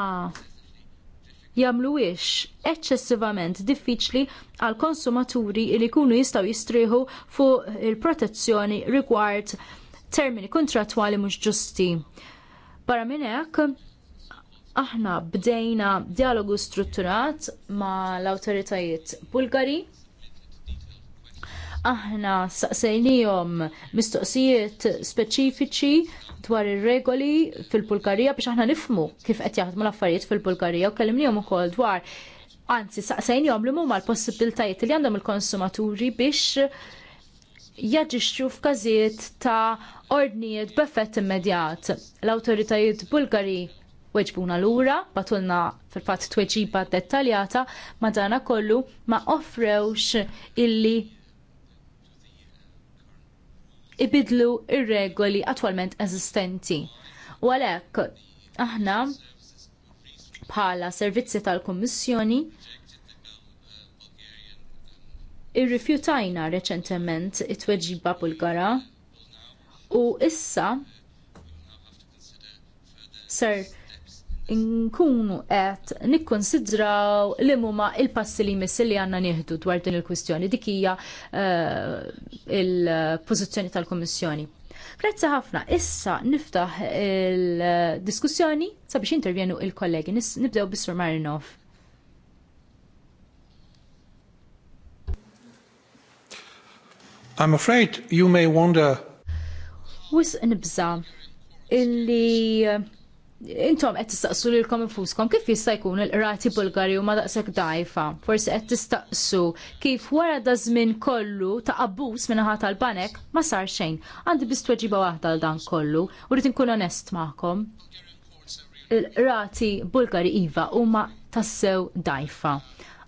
jagħmluhiex eċċessivament diffiċli għal konsumaturi li jkunu jistgħu jistrieħu fuq il-protezzjoni rigward termini kontrattwali mhux ġusti. Barra minn hekk, aħna bdejna dialogu strutturat ma' l-awtoritajiet Bulgari aħna saqsejnijom mistoqsijiet speċifiċi dwar ir-regoli fil-Pulkarija biex aħna nifmu kif qed jaħdmu l-affarijiet fil-Pulkarija u kellimnihom ukoll dwar anzi saqsejnihom li huma l-possibbiltajiet li għandhom il-konsumaturi biex jaġixxu f'każijiet ta' ordnijiet b'effett immedjat. L-awtoritajiet Bulgari weġbuna lura, batulna fil-fatt tweġiba dettaljata, dana kollu ma offrewx illi ibidlu ir-regoli attwalment eżistenti. U għalhekk aħna bħala servizzi tal-Kummissjoni irrifjutajna reċentement it-tweġiba Bulgara u issa ser nkunu qed nikkonsidraw li huma il-passi li jmissi li għandna nieħdu dwar din il-kwistjoni. Dik hija eh, il-pożizzjoni tal-Kummissjoni. Grazzi ħafna. Issa niftaħ il-diskussjoni sabiex intervjenu il-kollegi. Nibdew bis Marinov. I'm afraid you may wonder. Wis nibza illi intom qed tistaqsu lilkom infuskom kif jista' jkun il-qrati Bulgari huma daqshekk dajfa. Forsi qed tistaqsu kif wara da żmien kollu ta' abbuż minnaħa tal-banek ma sar xejn. Għandi biss tweġiba waħda għal dan kollu u inkun onest magħkom. Il-qrati Bulgari iva huma tassew dajfa.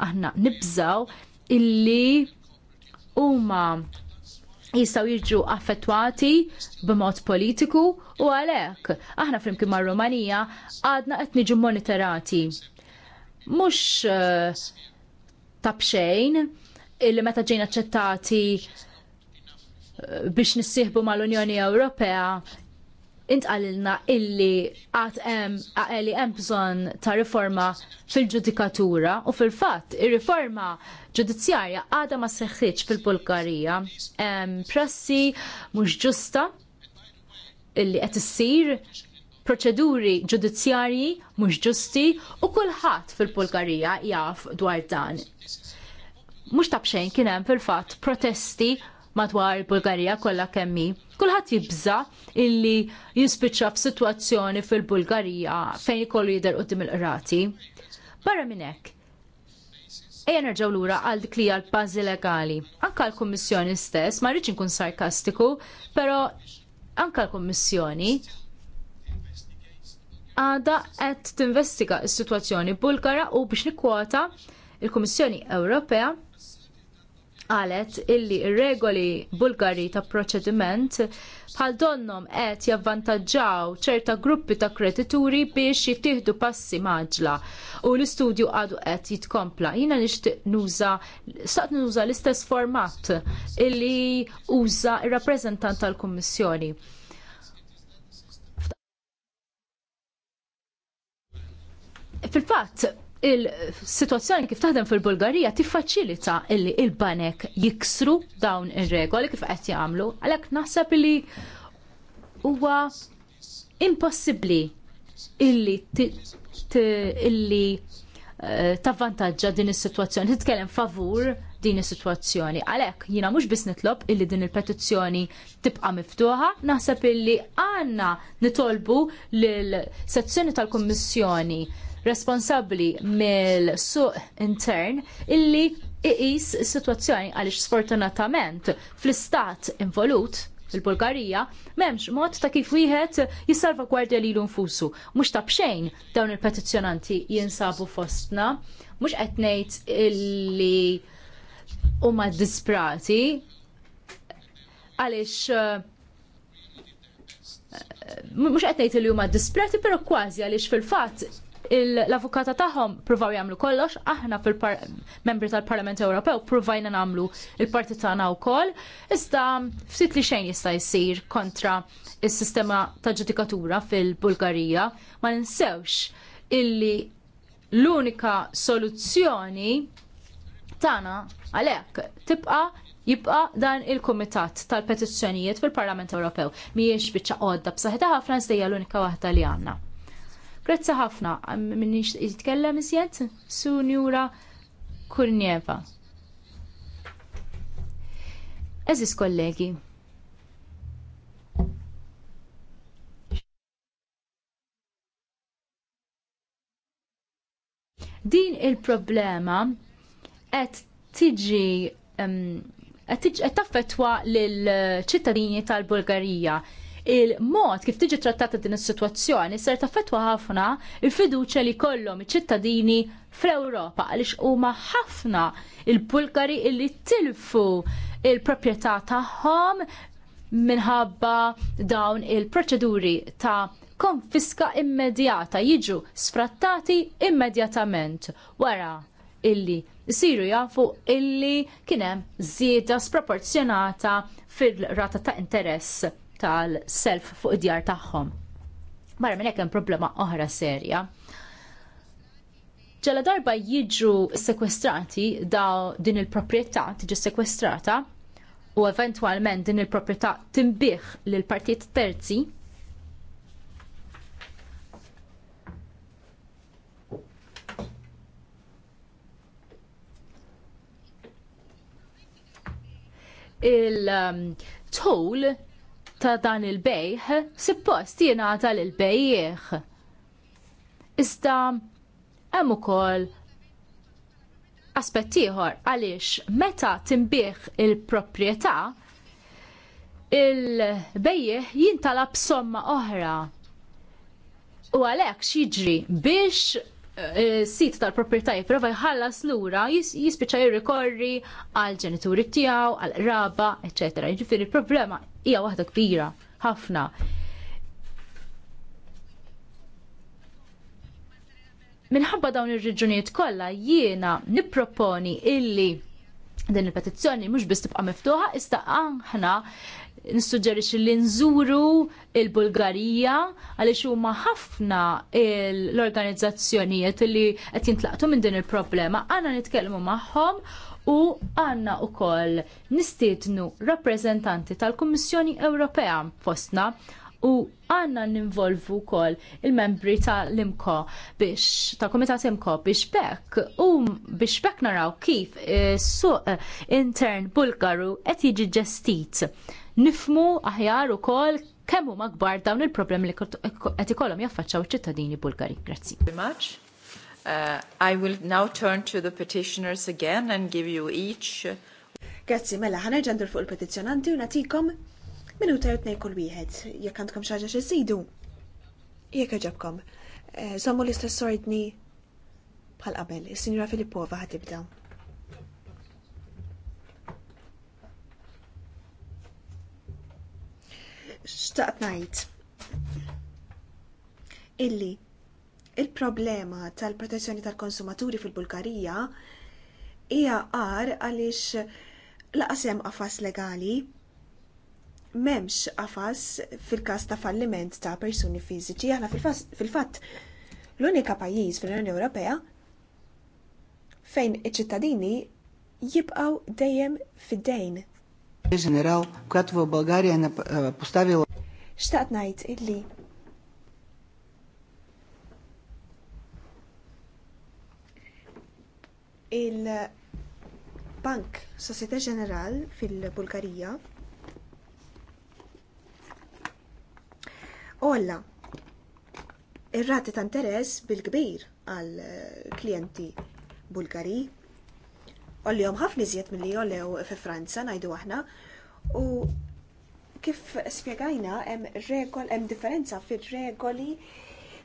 Aħna nibżaw illi huma jistaw jirġu affettwati b'mod politiku u għalhekk aħna flimkien mar rumanija għadna qed niġu monitorati. Mhux uh, eh, tabxejn illi meta ġejna aċċettati eh, biex nissieħbu mal-Unjoni Ewropea intqalilna illi għat li hemm bżonn ta' riforma fil-ġudikatura u fil-fatt ir-riforma ġudizzjarja għadha ma seħħitx fil-Bulgarija. pressi mhux ġusta illi qed issir proċeduri ġudizzjarji mhux ġusti u kulħadd fil-Bulgarija jaf dwar dan. Mhux tabxejn kien hemm fil-fatt protesti matwar il-Bulgarija kollha kemmi. Kulħadd jibża illi jispiċċa f'sitwazzjoni fil-Bulgarija fejn ikollu jidher qudiem il-qrati. Barra minn hekk. Ejja nerġgħu lura għal dik li l-bażi legali. Anke l-Kummissjoni stess, ma rridx inkun sarkastiku, però anke l-Kummissjoni għada qed tinvestiga s-sitwazzjoni Bulgara u biex nikkwota il-Kummissjoni Ewropea qalet illi r regoli bulgari ta' proċediment bħal donnom qed javvantaġġaw ċerta gruppi ta' kredituri biex jittieħdu passi maġla u l-istudju għadu qed jitkompla. Jiena nixtieq nuża staqt nuża l-istess format illi uża r il rappreżentant tal-Kummissjoni. Fil-fatt, il-situazzjoni kif taħdem fil-Bulgarija tiffaċilita illi il-banek jiksru dawn ir-regoli kif qed jagħmlu, għalhekk naħseb li huwa impossibbli illi illi eh, tavvantaġġa din is-sitwazzjoni, titkellem favur din is-sitwazzjoni. Għalhekk jiena mhux biss nitlob illi din il-petizzjoni tibqa' miftuħa, naħseb illi għandna nitolbu lil sezzjoni tal-Kummissjoni responsabbli mill-suq intern illi iqis situazzjoni għaliex sfortunatament fl-istat involut il-Bulgarija m'hemmx mod ta' kif wieħed jissalva gwardja lilu nfusu. Mhux ta' bxejn dawn il-petizzjonanti jinsabu fostna, mhux qed ngħid illi huma disprati għalix eh, mux għetnejt li huma disprati, pero kważi għaliex fil-fat l-avukata tagħhom provaw jagħmlu kollox, aħna fil-membri tal-Parlament Ewropew provajna nagħmlu il parti tagħna wkoll, iżda ftit li xejn jista' jsir kontra is-sistema ta' ġudikatura fil-Bulgarija ma ninsewx illi l-unika soluzzjoni tagħna għalhekk tibqa' jibqa dan il kumitat tal-Petizzjonijiet fil-Parlament Ewropew mhijiex biċċa għodda b'saħħitha ħafna iżdejja l-unika waħda li għandna. Grazzi ħafna minnix jitkellem isjed Sunjura Kurnieva. Eżis kollegi. Din il-problema qed tiġi qed taffetwa lill ċittadini tal-Bulgarija il-mod kif tiġi trattata din is-sitwazzjoni ser taffettwa ħafna il-fiduċja li kollhom iċ-ċittadini fl-Ewropa għaliex huma ħafna il-Bulgari illi tilfu il-proprjetà tagħhom minħabba dawn il-proċeduri ta' konfiska immedjata jiġu sfrattati immedjatament wara illi siru jafu illi kienem zieda sproporzjonata fil-rata ta' interess tal-self fuq id-djar tagħhom. Barra minn hekk hemm problema oħra serja. Ġala darba jiġu sekwestrati da din il-proprjetà tiġi sekwestrata u eventwalment din il-proprjetà timbih lil partit terzi il-toll um, ta' dan il-bejħ suppost jingħata lil bejħ Iżda hemm ukoll aspett ieħor għaliex meta timbieħ il-proprjetà il bejjeħ jintalab somma oħra. U għalhekk xiġri biex eh, sit tal proprjetà jipprova jħallas lura jispiċċa jirrikorri għal ġenituri tiegħu, għal raba, eċetera. Jiġifieri il-problema hija waħda kbira ħafna. Minħabba dawn ir-riġunijiet kollha jiena nipproponi illi din il-petizzjoni mhux biss tibqa' miftuħa, iżda aħna nissuġġerix li nżuru il-Bulgarija għaliex huma ħafna l-organizzazzjonijiet li qed jintlaqtu minn din il-problema. Għana nitkellmu magħhom u għandna wkoll nistiednu rappreżentanti tal-Kummissjoni Ewropea fostna u għandna ninvolvu wkoll il-membri tal-imko biex tal kumitat imko biex bekk u biex bekk naraw kif eh, suq eh, intern Bulgaru qed jiġi ġestit. Nifmu aħjar ukoll kemm huma kbar dawn il-problemi li qed ikollhom jaffaċċaw ċittadini Bulgari. Grazzi. Uh, I will now turn to the petitioners again and give you each. Uh, Grazzi, mela, ġandur fuq il-petizjonanti u natikom minuta jutnej kull wieħed, jekk għandkom xaġa xizidu. Jekk ġabkom, eh, sommu l-istess bħal qabel, Signora Filippova Filippova ħatibda. Xtaqt najt. illi Il-problema tal-protezzjoni tal-konsumaturi fil-Bulgarija hija għar għaliex hemm qafas legali m'hemmx qafas fil-każ ta' falliment ta' persuni fiżiċi. Aħna fil-fatt l-unika pajjiż fl-Unjoni Ewropea fejn iċ-ċittadini jibqgħu dejjem fid-dejn. Ġeneral, Bulgarija eh, postavila. ngħid illi il-Bank Societe Ġeneral fil-Bulgarija olla ir-rati ta' interess bil-kbir għal klijenti Bulgari ollihom ħafna iżjed milli jollew fi Franza ngħidu aħna u kif spjegajna hemm regol hemm differenza fir-regoli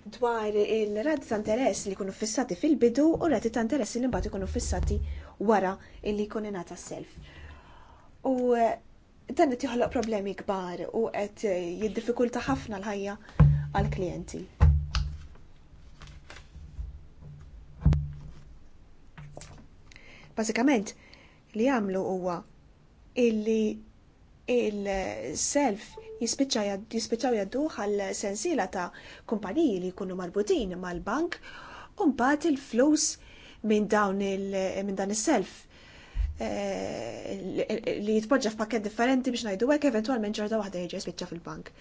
dwar il-rati ta' interess li jkunu fissati fil-bidu u rati ta' interess li mbagħad ikunu fissati wara li jkun ingħata self. U eh, dan qed joħloq problemi kbar u qed eh, jiddifikulta ħafna l-ħajja għall klijenti Bażikament li għamlu huwa illi il-self jispiċċaw jaddu għal sensiela ta' kumpaniji li jkunu marbutin mal-bank u mbagħad il-flus minn dan is-self eh, li jitpoġġa f'pakket differenti biex ngħidu hekk eventwalment ġorda waħda jiġi jispiċċa fil-bank.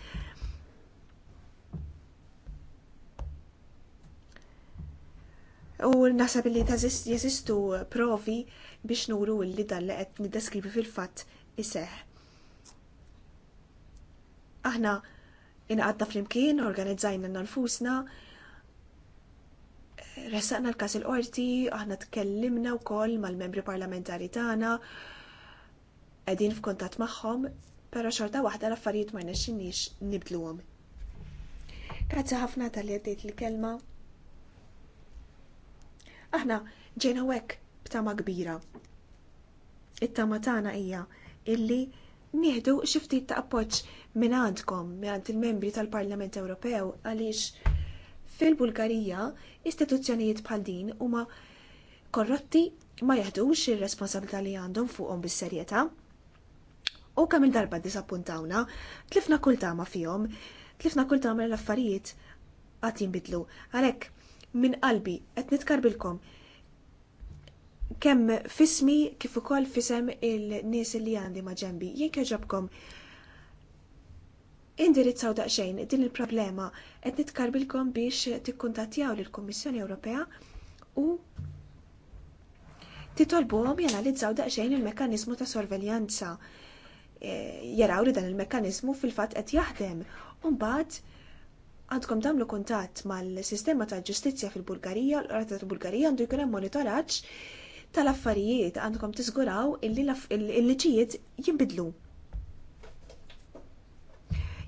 U naħseb li jeżistu provi biex nuru li dan li qed niddeskrivi fil-fatt iseħħ Aħna inqadda flimkien, organizzajna nfusna, ressaqna l-kas il-qorti, aħna tkellimna wkoll mal-membri parlamentari tagħna, qegħdin f'kuntatt magħhom, però xorta waħda l-affarijiet ma rnexxinniex nibdluhom. Grazzi ħafna tal-li għaddejt l-kelma. Aħna ġejna hekk b'tama kbira. It-tama tagħna hija illi nieħdu xi ftit ta' appoġġ minn għandkom, minn il-membri tal-Parlament Ewropew, għaliex fil-Bulgarija istituzzjonijiet bħal din huma korrotti ma jaħdux ir-responsabilità li għandhom fuqhom bis-serjetà. U kemm il-darba disappuntawna, tlifna kull tama fihom, tlifna kull tama l-affarijiet għad jinbidlu. Għalhekk minn qalbi qed nitkarbilkom kemm fismi kif ukoll fisem il-nies li għandi ma' ġembi. Jien keġobkom indirizzaw daqsxejn din il-problema qed nitkarbilkom biex tikkuntattjaw lill-Kummissjoni Ewropea u titolbuhom janalizzaw daqsxejn il-mekkaniżmu ta' sorveljanza. E, jaraw li dan il-mekkaniżmu fil-fatt qed jaħdem. u mbagħad għandkom damlu kuntatt mal-sistema ta' ġustizzja fil-Bulgarija, l-Qorata tal-Bulgarija għandu jkun hemm monitoraġġ tal-affarijiet għandkom tiżguraw il-liġijiet liċijiet jinbidlu.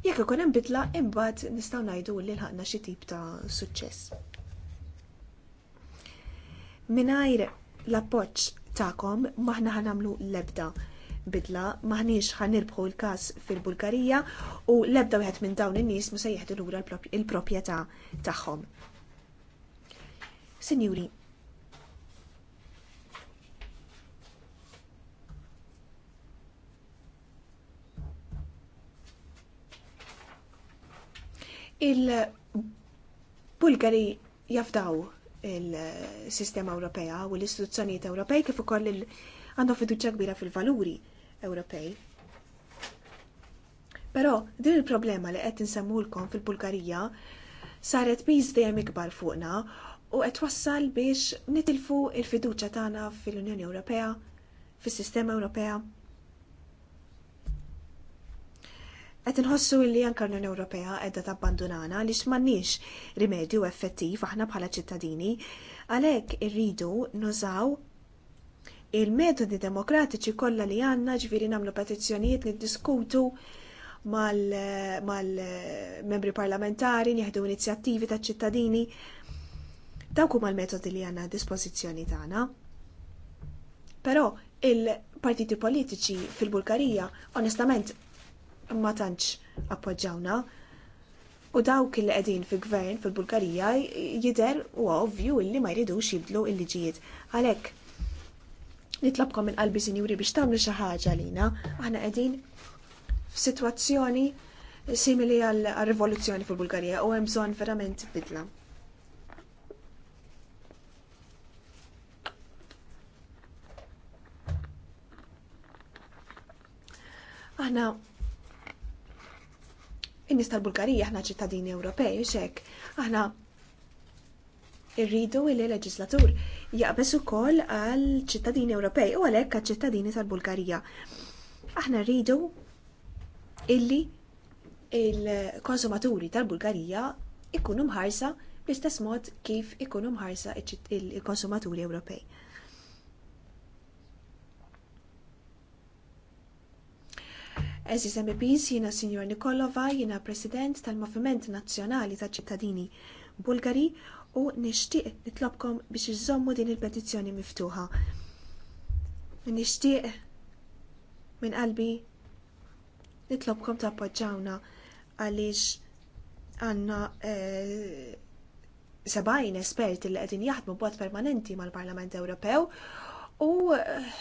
Jekk ikun hemm bidla imbagħad nistgħu ngħidu li lħaqna xi tip ta' suċċess. Mingħajr l-appoġġ tagħkom maħna ħanamlu l-ebda bidla maħniex ħanirbħu l-każ fil-Bulgarija u l-ebda wieħed minn dawn in-nies mhux se jeħdu lura l-proprjetà tagħhom. Sinjuri, Il-Bulgari jafdaw il-sistema Ewropea u l-istituzzjonijiet Ewropej kif ukoll għandhom fiduċja kbira fil-valuri Ewropej. Però din il-problema li qed insemmulkom fil-Bulgarija saret biż dejjem ikbar fuqna u qed wassal biex nitilfu il-fiduċja tagħna fil-Unjoni Ewropea, fis-sistema Ewropea. Qed inħossu li anke l-Unjoni Ewropea qiegħda tabbandunana li m'għandniex rimedju effettiv aħna bħala ċittadini, għalhekk irridu nużaw il-metodi demokratiċi kollha li għandna ġifieri nagħmlu petizzjonijiet niddiskutu mal-membri parlamentari, nieħdu inizjattivi ta' ċittadini. Dawk huma l-metodi li għandna dispożizzjoni tagħna. Però il-partiti politiċi fil-Bulgarija onestament ma tantx appoġġawna. U dawk li qegħdin fil-gvern fil-Bulgarija jidher u ovvju illi ma jridux jibdlu l-liġijiet. Għalhekk nitlobkom minn qalbi sinjuri biex tagħmlu xi ħaġa lina, aħna qegħdin f'sitwazzjoni simili għal rivoluzzjoni fil-Bulgarija u hemm bżonn verament bidla. Aħna in tal-Bulgarija aħna ċittadini Ewropej xek. Aħna irridu li leġislatur jaqbesu kol għal ċittadini Ewropej u għalhekk għal ċittadini tal-Bulgarija. Aħna rridu illi il-konsumaturi tal-Bulgarija ikunu mħarsa bl-istess mod kif ikunu mħarsa il-konsumaturi Ewropej. Eżis MPs jina Sinjor Nikolova jina President tal-Moviment Nazzjonali ta' ċittadini Bulgari u nixtieq nitlobkom biex iżommu din il-petizzjoni miftuħa. Nixtieq minn qalbi nitlobkom tappoġġawna għaliex għandna eh, sebajn esperti li qegħdin jaħdmu b'mod permanenti mal-Parlament Ewropew u eh,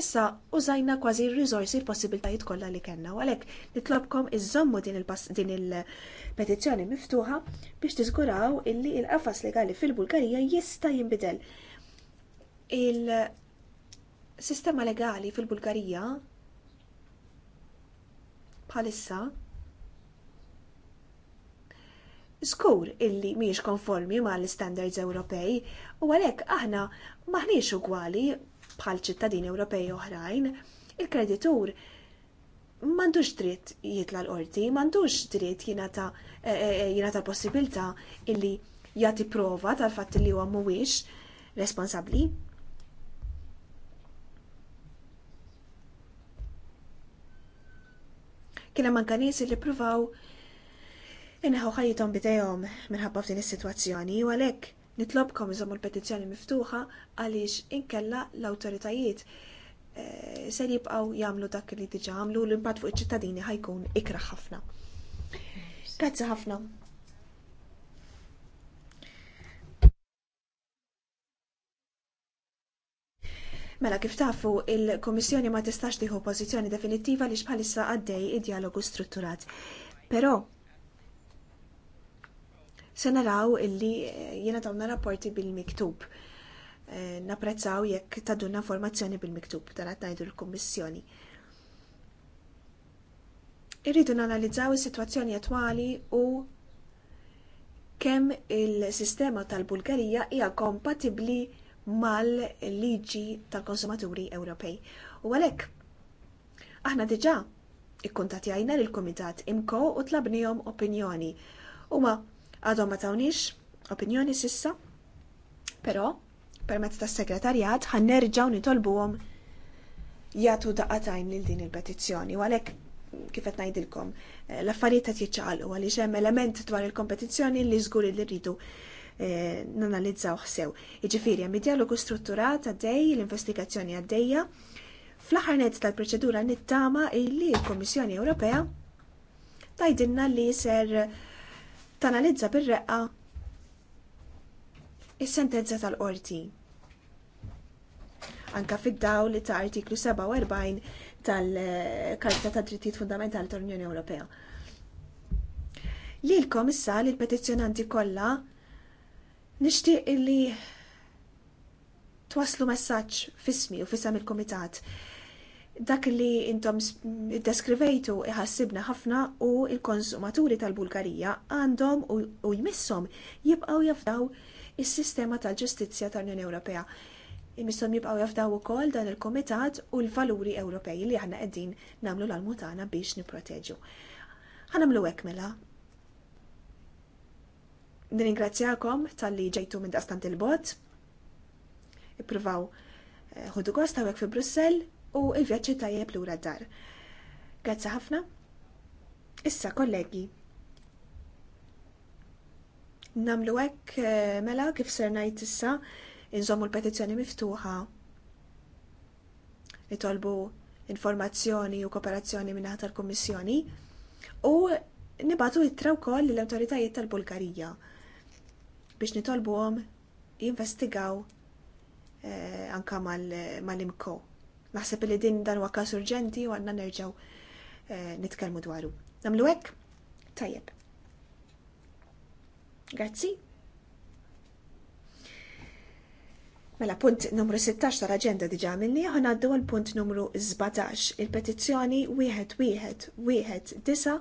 Issa użajna kważi r rizorsi l-possibiltajiet kollha li kellna u għalhekk nitlobkom iżommu din il-petizzjoni miftuħa biex tiżguraw illi il-qafas legali fil-Bulgarija jista' jinbidel. Il-sistema legali fil-Bulgarija bħalissa skur illi miex konformi ma l-standards Ewropej u għalek aħna maħniex ugwali bħal ċittadini Ewropej oħrajn, il-kreditur m'għandux dritt jitla l-qorti, m'għandux dritt jingħata e, e, e, l possibilità illi jagħti prova tal-fatt li huwa mhuwiex responsabbli. Kien hemm anke nies li ppruvaw inħaw ħajjithom bidejhom minħabba f'din is-sitwazzjoni u għalhekk Nitlobkom iżommu l-petizzjoni miftuħa għaliex inkella l-awtoritajiet eh, se jibqgħu jagħmlu dak li diġà għamlu l-impatt fuq iċ-ċittadini ħajkun ikra ħafna. Grazzi ħafna. Mela kif tafu, il-Komissjoni ma tistax tieħu pożizzjoni definittiva li bħalissa għaddej id-dialogu strutturat. Però se naraw illi eh, jiena tawna rapporti bil-miktub. Naprezzaw eh, Napprezzaw jekk tadunna informazzjoni bil-miktub dan qed ngħidu l-Kummissjoni. Irridu nanalizzaw is-sitwazzjoni attwali u kemm il-sistema tal-Bulgarija hija kompatibbli mal-liġi tal-konsumaturi Ewropej. U għalhekk aħna diġa ikkuntatjajna lill kumitat imko u tlabnijom opinjoni. Huma għadhom ma tawniex opinjoni sissa, però permezz tas segretarjat ħannerġaw nerġgħu nitolbuhom jagħtu daqatajn lil din il-petizzjoni. U għalhekk kif qed ngħidilkom, eh, l-affarijiet qed jiċċaqalqu għaliex hemm element dwar il-kompetizzjoni li żgur li rridu eh, nanalizzaw ħsew. Jiġifieri hemm dialogu strutturat għaddej, l-investigazzjoni għaddejja, fl-aħħar nett tal-proċedura nittama illi l-Kummissjoni Ewropea tajdinna li ser tanalizza bir-reqqa is-sentenza tal-qorti. Anka fid-dawl ta' artiklu 47 tal-Karta ta' Drittijiet Fundamentali tal-Unjoni Ewropea. Lilkom issa li l-petizzjonanti kollha nixtieq li twaslu messaġġ fismi u fisam il-Kumitat Dak li intom deskrivejtu iħassibna ħafna u il-konsumaturi tal-Bulgarija għandhom u jmissom jibqaw jafdaw is-sistema tal-ġustizzja tal-Unjoni Ewropea. Jmissom jibqaw jafdaw ukoll dan il-Komitat u l-valuri Ewropej li aħna qegħdin nagħmlu l-almutana biex nipproteġu. Ħanamlu hekk mela. Nirringrazzjakom tal-li ġejtu minn daqstant il-bot. Ippruvaw eh, ħudu gost hawnhekk fi Brussell u il vjaċċi tajjeb lura d-dar. Grazzi ħafna. Issa, kollegi, namlu hekk eh, mela kif ser ngħid issa inżommu l-petizzjoni miftuħa nitolbu informazzjoni u kooperazzjoni minnaħat tal-Kummissjoni u nibatu ittra wkoll lill-awtoritajiet tal-Bulgarija biex nitolbuhom jinvestigaw eh, anka mal-imko. Mal Naħseb li din dan huwa każ urġenti u għandna nerġgħu eh, nitkellmu dwaru. Nagħmlu hekk? Tajjeb. Grazzi. Mela, punt numru 16 tal-agenda diġa minni, għan għaddu għal-punt numru 17, il-petizzjoni 1119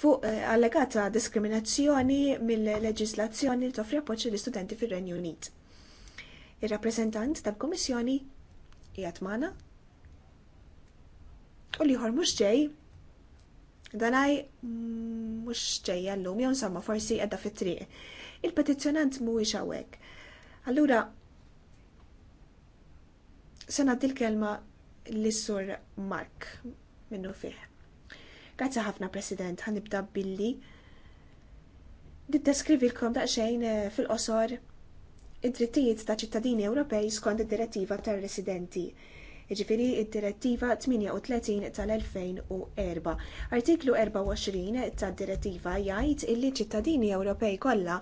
fuq eh, allegata diskriminazzjoni mill-leġislazzjoni li toffri appoċ l-istudenti fir renju Unit. Il-rappresentant tal-Komissjoni jgħat maħna. U liħor mux ġej, danaj mux ġej għallum, jew insomma forsi għadda fit-triq. Il-petizjonant mhuwiex hawnhekk. Allura, se nagħti l-kelma l-sur Mark minnu fiħ. Grazzi ħafna, President, ħanibda billi. Diddeskrivilkom daqsxejn eh, fil-qosor id-drittijiet ta' ċittadini Ewropej skont id-direttiva tar-residenti. Jiġifieri id-direttiva 38 tal-2004. Artiklu 24 tad-direttiva jgħid illi ċittadini Ewropej kollha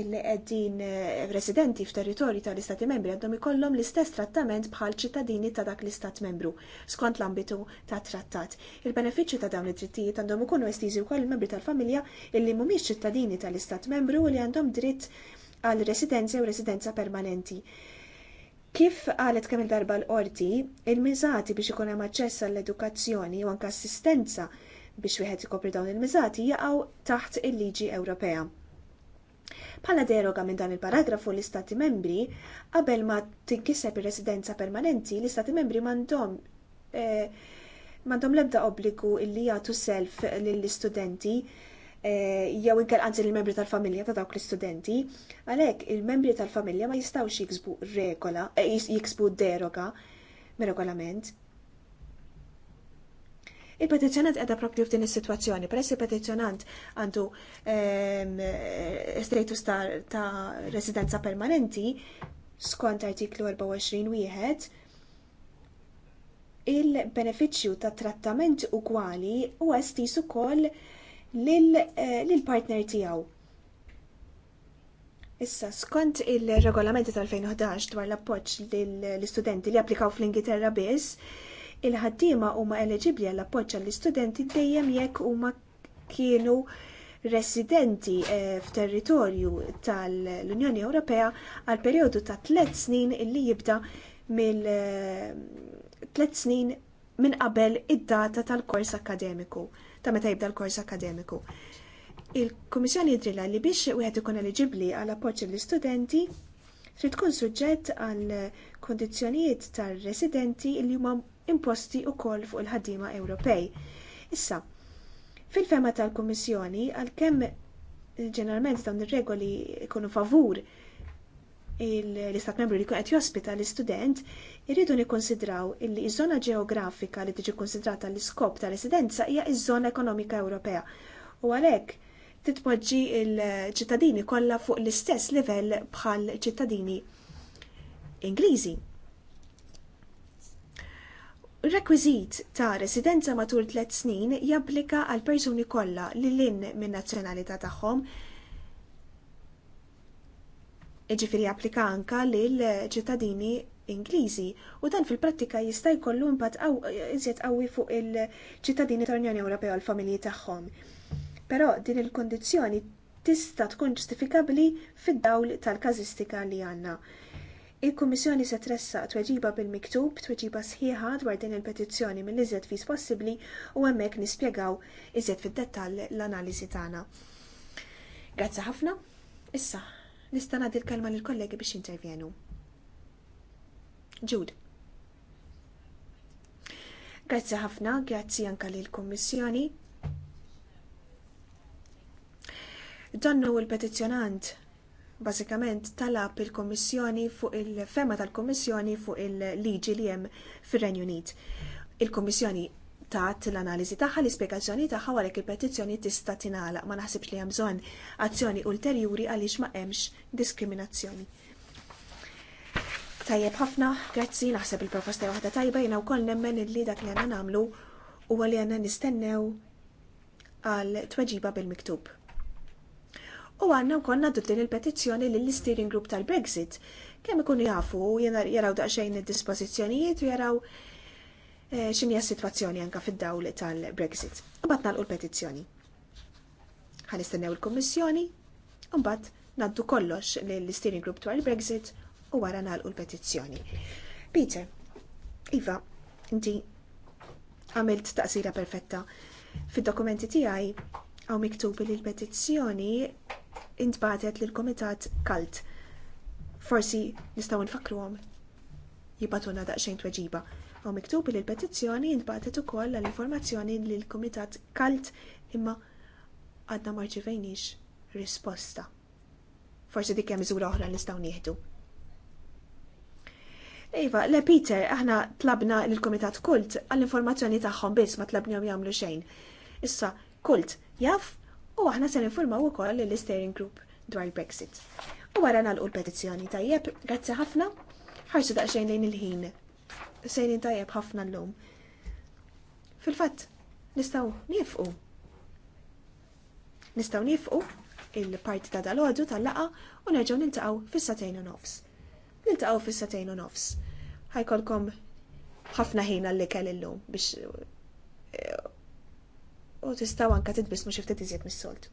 illi qegħdin eh, residenti f'territorju tal-Istati Membri għandhom ikollhom l-istess trattament bħal ċittadini ta' dak l-Istat Membru skont l-ambitu ta' trattat. Il-benefiċċju ta' dawn id-drittijiet għandhom ikunu estiżi wkoll il-membri tal-familja illi mhumiex ċittadini tal-Istat Membru li għandhom dritt għal residenza u residenza permanenti. Kif qalet kemm il-darba l-qorti, il-miżati biex ikun hemm aċċess għall-edukazzjoni u anke assistenza biex wieħed ikopri dawn il-miżati jaqgħu taħt il-liġi Ewropea. Bħala deroga minn dan il-paragrafu l-Istati membri, qabel ma tinkiseb ir-residenza permanenti, l-Istati membri m'għandhom eh, m'għandhom l-ebda obbligu li jagħtu self lill-istudenti Eh, jew inkel għanzi il-membri tal-familja ta' dawk l-istudenti, għalhekk il-membri tal-familja ma jistgħux jiksbu regola, eh, jiksbu deroga mir-regolament. Il-petizjonant qiegħda propju f'din is-sitwazzjoni, peress il-petizjonant għandu ehm, status ta' residenza permanenti skont artiklu 24 wieħed il-benefiċċju ta' trattament ugwali u estisu ukoll lill-partner eh, tiegħu. Issa, skont il-regolamenti tal-2011 dwar l-appoġġ lill-istudenti li applikaw fl-Ingilterra biss, il-ħaddiema huma eliġibbli għall appoġġ għall-istudenti dejjem jekk huma kienu residenti eh, f'territorju tal-Unjoni Ewropea għal perjodu ta' tliet snin illi jibda mill eh, tliet snin minn qabel id-data tal-kors akademiku ta' meta jibda l-kors akademiku. Il-Kummissjoni jidrilha li biex wieħed ikun eligibli għal appoġġi l-istudenti trid tkun suġġett għal kondizjonijiet tar-residenti li huma imposti wkoll fuq il-ħaddiema Ewropej. Issa, fil-fema tal-Kummissjoni għalkemm ġeneralment dawn ir-regoli jkunu favur l-istat membru li qed jospita l-istudent irridu nikkonsidraw li iż-żona ġeografika li tiġi konsidrata l-iskop ta' residenza hija iż-żona ekonomika Ewropea. U għalhekk titpoġġi l-ċittadini kollha fuq l-istess livell bħal ċittadini Ingliżi. Rekwiżit ta' residenza matul tliet snin japplika għal persuni kollha li lin minn nazzjonalità tagħhom Iġifiri applika anka l ċittadini Ingliżi u dan fil-prattika jista' jkollu impatt iżjed qawwi fuq il-ċittadini tal-Unjoni Ewropea u l-familji tagħhom. Però din il-kondizzjoni tista' tkun ġustifikabbli fid-dawl tal-każistika li għandna. Il-Kummissjoni se tressaq tweġiba bil-miktub, tweġiba sħiħa dwar din il-petizzjoni mill-iżjed fis possibbli u hemmhekk nispjegaw iżjed fid-dettall l-analiżi tagħna. Grazzi ħafna. Issa Nista' nagħti l-kelma lill-kollegi biex intervjenu. Jude. Grazzi ħafna, grazzi anka lill-Kummissjoni. Dannu l-petizzjonant bażikament talab il-Kommissjoni fuq il-fema tal-Kommissjoni fuq il-liġi li hemm fir-Renju Unit. Il-Kommissjoni tat l-analiżi tagħha l-ispjegazzjoni tagħha għalhekk il-petizzjoni tista' tingħalaq ma naħsibx li hemm bżonn azzjoni ulterjuri għaliex ma hemmx diskriminazzjoni. Tajjeb ħafna, grazzi naħseb il-proposta waħda tajba jiena wkoll nemmen illi dak li għandna nagħmlu huwa li għandna nistennew għal tweġiba bil-miktub. U għanna u konna din il-petizjoni l-steering group tal-Brexit, kemm ikun jafu jaraw daqxejn id-dispozizjonijiet u jaraw Eh, xinja situazzjoni anka fid-dawl tal-Brexit. Mbagħad nagħlqu l-petizzjoni. istennew il-Kummissjoni, mbagħad naddu kollox lill-Steering Group dwar il-Brexit u wara nagħlqu l-petizzjoni. Peter, Iva, inti għamilt taqsira perfetta. Fid-dokumenti tiegħi hawn miktubi li l-petizzjoni intbatet lill kumitat Kalt. Forsi nistgħu għom jibatuna daqsxejn tweġiba. U miktub li l-petizzjoni jintbatet ukoll għall informazzjoni li l-Kumitat Kalt imma għadna ma rċivejniex risposta. Forsi dik hemm miżura oħra nistgħu nieħdu. Iva, le Peter, aħna tlabna l-Komitat Kult għall-informazzjoni tagħhom biss ma tlabnihom jagħmlu xejn. Issa, Kult jaf u aħna se ninformaw ukoll lill steering Group dwar Brexit. U wara nagħlqu l-petizzjoni tajjeb, grazzi ħafna, ħarsu daqsxejn lejn il-ħin sejrin tajjeb ħafna l-lum. Fil-fatt, nistaw nifqu. Nistaw nifqu il-parti ta' dal-ħodu tal-laqa u nerġaw nintaqaw fis u nofs. Nintaqaw fis u nofs. Ħajkolkom ħafna ħin li kell illum biex eh, u tistaw anka titbis mux ftit iżjed mis-solt.